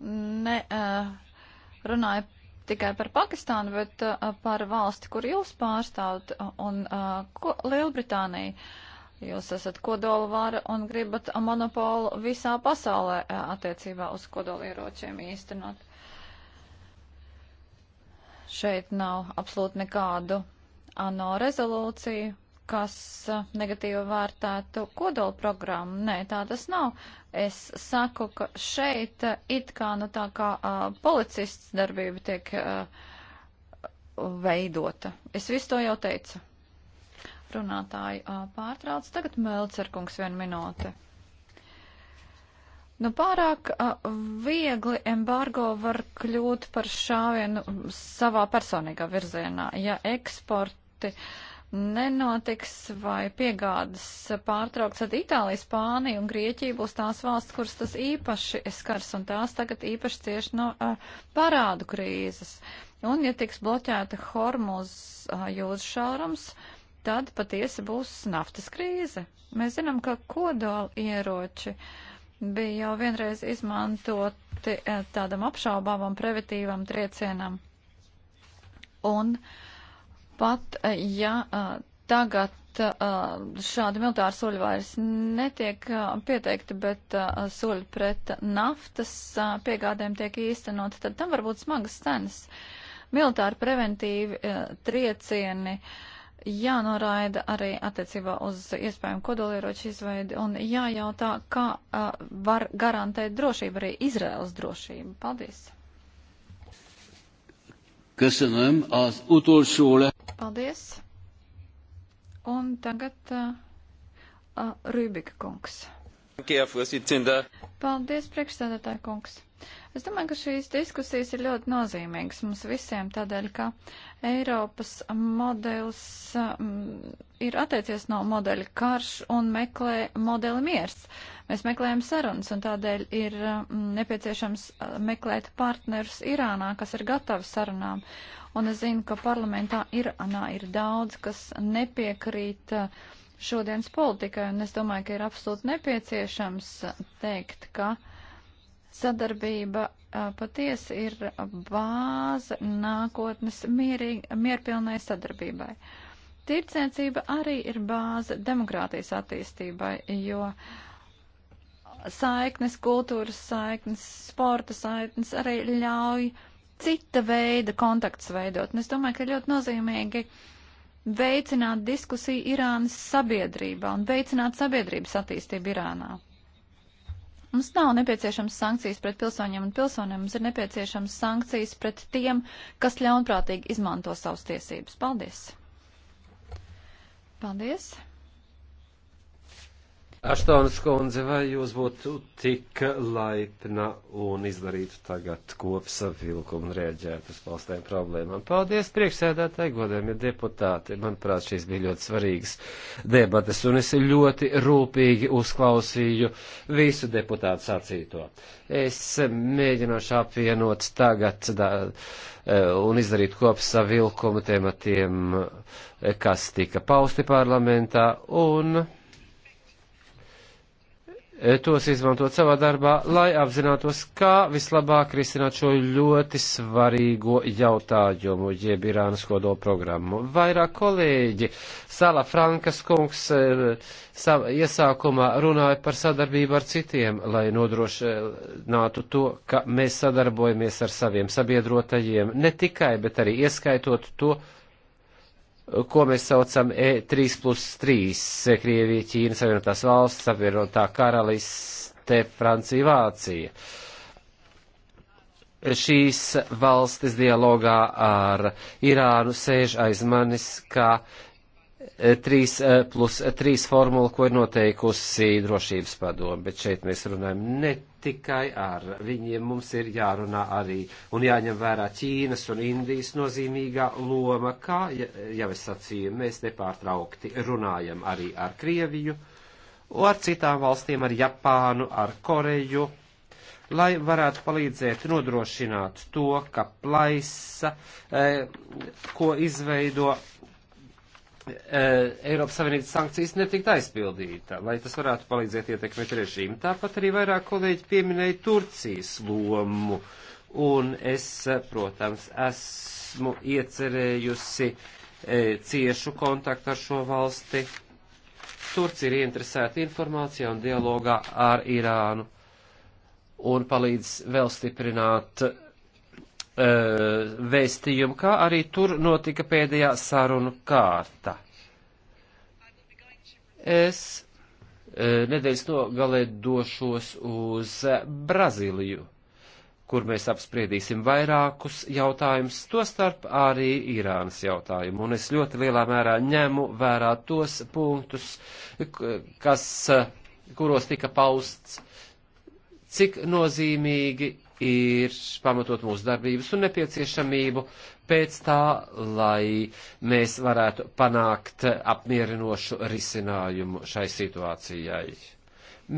ne, uh, runāju tikai par Pakistānu, bet uh, par valsti, kur jūs pārstāvat, un uh, ko, Lielbritāniju. Jūs esat kodola vara un gribat monopolu visā pasaulē uh, attiecībā uz kodola ieročiem īstenot. Šeit nav absolūti nekādu ANO rezolūciju, kas eh, negatīvi vērtētu kodola programmu. Nē, tā tas nav. Es saku, ka šeit eh, it kā nu tā kā uh, policists darbība tiek uh, veidota. Es visu to jau teicu. Runātāji uh, pārtrauc. Tagad Melcerkungs vienu minūti. Nu, pārāk uh, viegli embargo var kļūt par šāvienu savā personīgā virzienā. Ja eksporti uh, nenotiks vai piegādas pārtrauks, tad Itālija, Spānija un Grieķija būs tās valsts, kuras tas īpaši skars, un tās tagad īpaši cieši no uh, parādu krīzes. Un, ja tiks bloķēta hormuz uh, jūras šaurums, tad patiesi būs naftas krīze. Mēs zinām, ka kodola ieroči bija jau vienreiz izmantoti uh, tādam apšaubāmam preventīvam triecienam. Un uh, Pat e, ja e, tagad e, šādi militāri soļi vairs netiek pieteikti, bet soļi pret naftas piegādēm tiek īstenot, tad tam var būt smagas cenas. Militāri preventīvi triecieni jānoraida arī attiecībā uz iespējumu kodolieroču izveidi un jājautā, kā var garantēt drošību, arī Izraels drošību. Paldies! Köszönöm az utolsó le... Paldies. Un tagad uh, uh, Rībika kungs. Paldies, priekšsēdētāja kungs. Es domāju, ka šīs diskusijas ir ļoti nozīmīgas mums visiem, tādēļ, ka Eiropas modelis um, ir attiecies no modeļa karš un meklē modeli miers. Mēs meklējam sarunas, un tādēļ ir um, nepieciešams meklēt partnerus Irānā, kas ir gatavi sarunām. Un es zinu, ka parlamentā Irānā ir daudz, kas nepiekrīt. Uh, šodienas politikai, un es domāju, ka ir absolūti nepieciešams teikt, ka uh, Sadarbība patiesi ir bāze nākotnes mierīgi, mierpilnai sadarbībai. Tirdzniecība arī ir bāze demokrātijas attīstībai, jo saiknes, kultūras saiknes, sporta saiknes arī ļauj cita veida kontakts veidot. Un es domāju, ka ļoti nozīmīgi veicināt diskusiju Irānas sabiedrībā un veicināt sabiedrības attīstību Irānā. Mums nav nepieciešams sankcijas pret pilsoņiem un pilsoniem, mums ir nepieciešams sankcijas pret tiem, kas ļaunprātīgi izmanto savas tiesības. Paldies! Paldies! Aštonas kundze, vai jūs būtu tik laipna un izdarītu tagad kopsavilkumu un rēģētu uz valstēm problēmām? Paldies, priekšsēdētāji, godējumie ja deputāti. Manuprāt, šīs bija ļoti svarīgas debates, un es ļoti rūpīgi uzklausīju visu deputātu sacīto. Es mēģināšu apvienot tagad da, e, un izdarīt kopsavilkumu tematiem, kas tika pausti parlamentā, un E, tos izmantot savā darbā, lai apzinātos, kā vislabāk risināt šo ļoti svarīgo jautājumu, jeb Irānas kodola programmu. Vairāk kolēģi, Sala Frankas kungs, e, sava iesākumā runāja par sadarbību ar citiem, lai nodrošinātu to, ka mēs sadarbojamies ar saviem sabiedrotajiem, ne tikai, bet arī ieskaitot to, ko mēs saucam E3 plus 3 - Krievija, Ķīna, Savienotās valsts, Savienotā karaliste, Francija, Vācija. Šīs valstis dialogā ar Irānu sēž aiz manis kā 3 eh, plus 3 formula, ko ir noteikusi drošības padoma, bet šeit mēs runājam ne tikai ar viņiem, mums ir jārunā arī un jāņem vērā Ķīnas un Indijas nozīmīgā loma, kā jau es sacīju, mēs nepārtraukti runājam arī ar Krieviju, ar citām valstīm, ar Japānu, ar Koreju, lai varētu palīdzēt nodrošināt to, ka plaisa, eh, ko izveido E, Eiropas Savienības sankcijas netika aizpildīta, lai tas varētu palīdzēt ietekmēt režīmu. Tāpat arī vairāk kolēģi pieminēja Turcijas lomu, un es, e, protams, esmu iecerējusi e, ciešu kontaktu ar šo valsti. Turcija ir ieinteresēta informācijā un dialogā ar Irānu un palīdz vēl stiprināt Eh, vēstījumu, kā arī tur notika pēdējā sarunu kārta. Es eh, nedēļas nogalē došos uz Brazīliju, kur mēs apspriedīsim vairākus jautājumus, tostarp arī Irānas jautājumu. Un es ļoti lielā mērā ņemu vērā tos punktus, kas, kuros tika pausts, cik nozīmīgi ir pamatot mūsu darbības un nepieciešamību pēc tā, lai mēs varētu panākt apmierinošu risinājumu šai situācijai.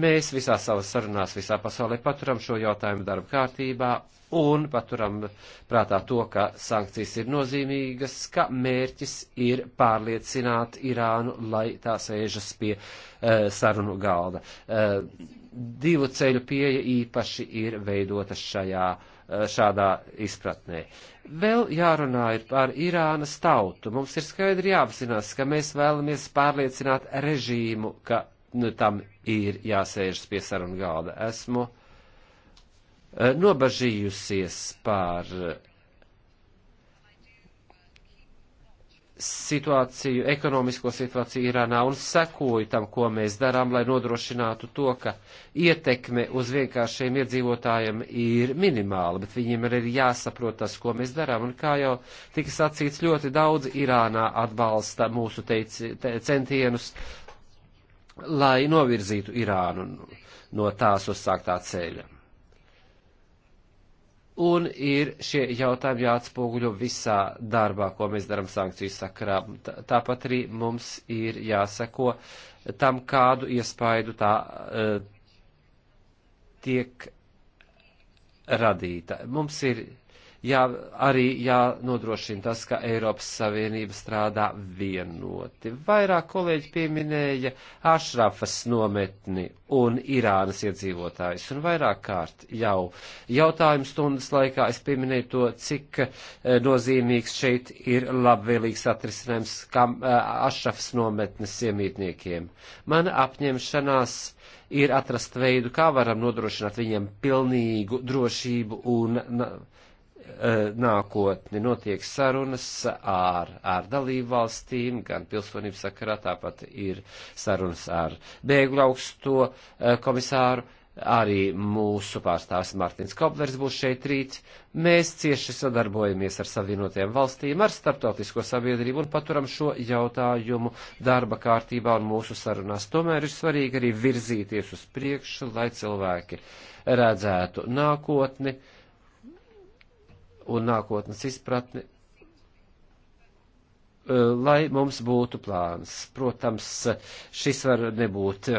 Mēs visā savas sarunās visā pasaulē paturam šo jautājumu darba kārtībā un paturam prātā to, ka sankcijas ir nozīmīgas, ka mērķis ir pārliecināt Irānu, lai tā sēžas pie uh, sarunu galda. Uh, divu ceļu pieeja īpaši ir veidota šajā, eh, šādā izpratnē. Vēl jārunā ir par Irānas tautu. Mums ir skaidri jāapzinās, ka mēs vēlamies pārliecināt režīmu, ka nu, tam ir jāsēžas pie sarunu galda. Esmu eh, nobažījusies par situāciju, ekonomisko situāciju Irānā un sekoju tam, ko mēs darām, lai nodrošinātu to, ka ietekme uz vienkāršiem iedzīvotājiem ir minimāla, bet viņiem arī ir jāsaprot tas, ko mēs darām. Un kā jau tika sacīts, ļoti daudz Irānā atbalsta mūsu teici, te, centienus, lai novirzītu Irānu no tās uzsāktā ceļa. Un ir šie jautājumi jāatspoguļo visā darbā, ko mēs darām sankciju sakarā. Tāpat arī mums ir jāseko tam, kādu iespaidu tā uh, tiek radīta. Mums ir jā, arī jānodrošina tas, ka Eiropas Savienība strādā vienoti. Vairāk kolēģi pieminēja Ašrafas nometni un Irānas iedzīvotājus, un vairāk kārt jau jautājumu stundas laikā es pieminēju to, cik e, nozīmīgs šeit ir labvēlīgs atrisinājums kam, e, Ašrafas nometnes iemītniekiem. Mana apņemšanās ir atrast veidu, kā varam nodrošināt viņiem pilnīgu drošību un. Na, Eh, nākotni notiek sarunas ar, ar dalību valstīm, gan pilsonības sakarā, tāpat ir sarunas ar bēgļu augsto eh, komisāru, arī mūsu pārstāvis Mārtiņš Koblers būs šeit rīt. Mēs cieši sadarbojamies ar savienotajām valstīm, ar starptautisko sabiedrību un paturam šo jautājumu darba kārtībā un mūsu sarunās. Tomēr ir svarīgi arī virzīties uz priekšu, lai cilvēki redzētu nākotni un nākotnes izpratni, eh, lai mums būtu plāns. Protams, šis var nebūt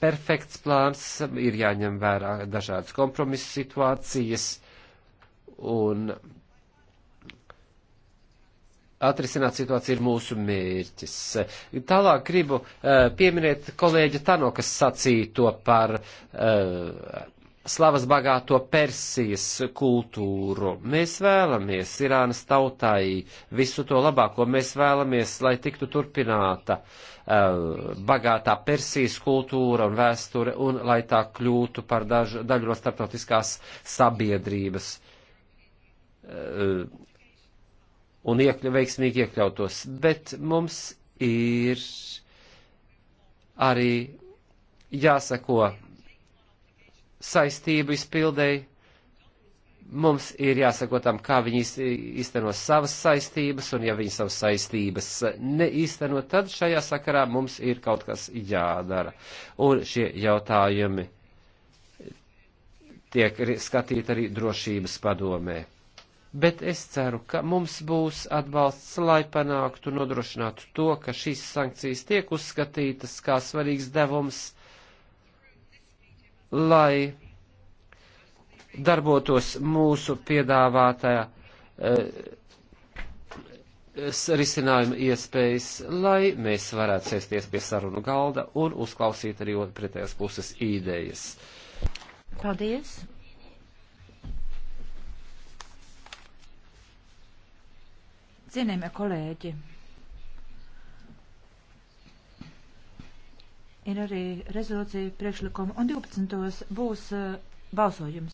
perfekts plāns, ir jāņem vērā dažādas kompromisu situācijas un atrisināt situāciju ir mūsu mērķis. Tālāk gribu uh, pieminēt kolēģa Tano, kas sacīja to par uh, slavas bagāto Persijas kultūru. Mēs vēlamies Irānas tautai visu to labāko. Mēs vēlamies, lai tiktu turpināta uh, bagātā Persijas kultūra un vēsture, un lai tā kļūtu par daž, daļu no starptautiskās sabiedrības. Uh, un iekļu, veiksmīgi iekļautos. Bet mums ir arī jāsako saistību izpildēji. Mums ir jāsako tam, kā viņi īsteno savas saistības, un ja viņi savas saistības neīsteno, tad šajā sakarā mums ir kaut kas jādara. Un šie jautājumi tiek skatīti arī drošības padomē bet es ceru, ka mums būs atbalsts, lai panāktu un nodrošinātu to, ka šīs sankcijas tiek uzskatītas kā svarīgs devums lai darbotos mūsu piedāvātajā eh, risinājuma iespējas, lai mēs varētu sēsties pie sarunu galda un uzklausīt arī pretējās puses idejas. Paldies! Cienējamie kolēģi! ir arī rezolūcija priekšlikuma, un 12. būs uh, balsojums.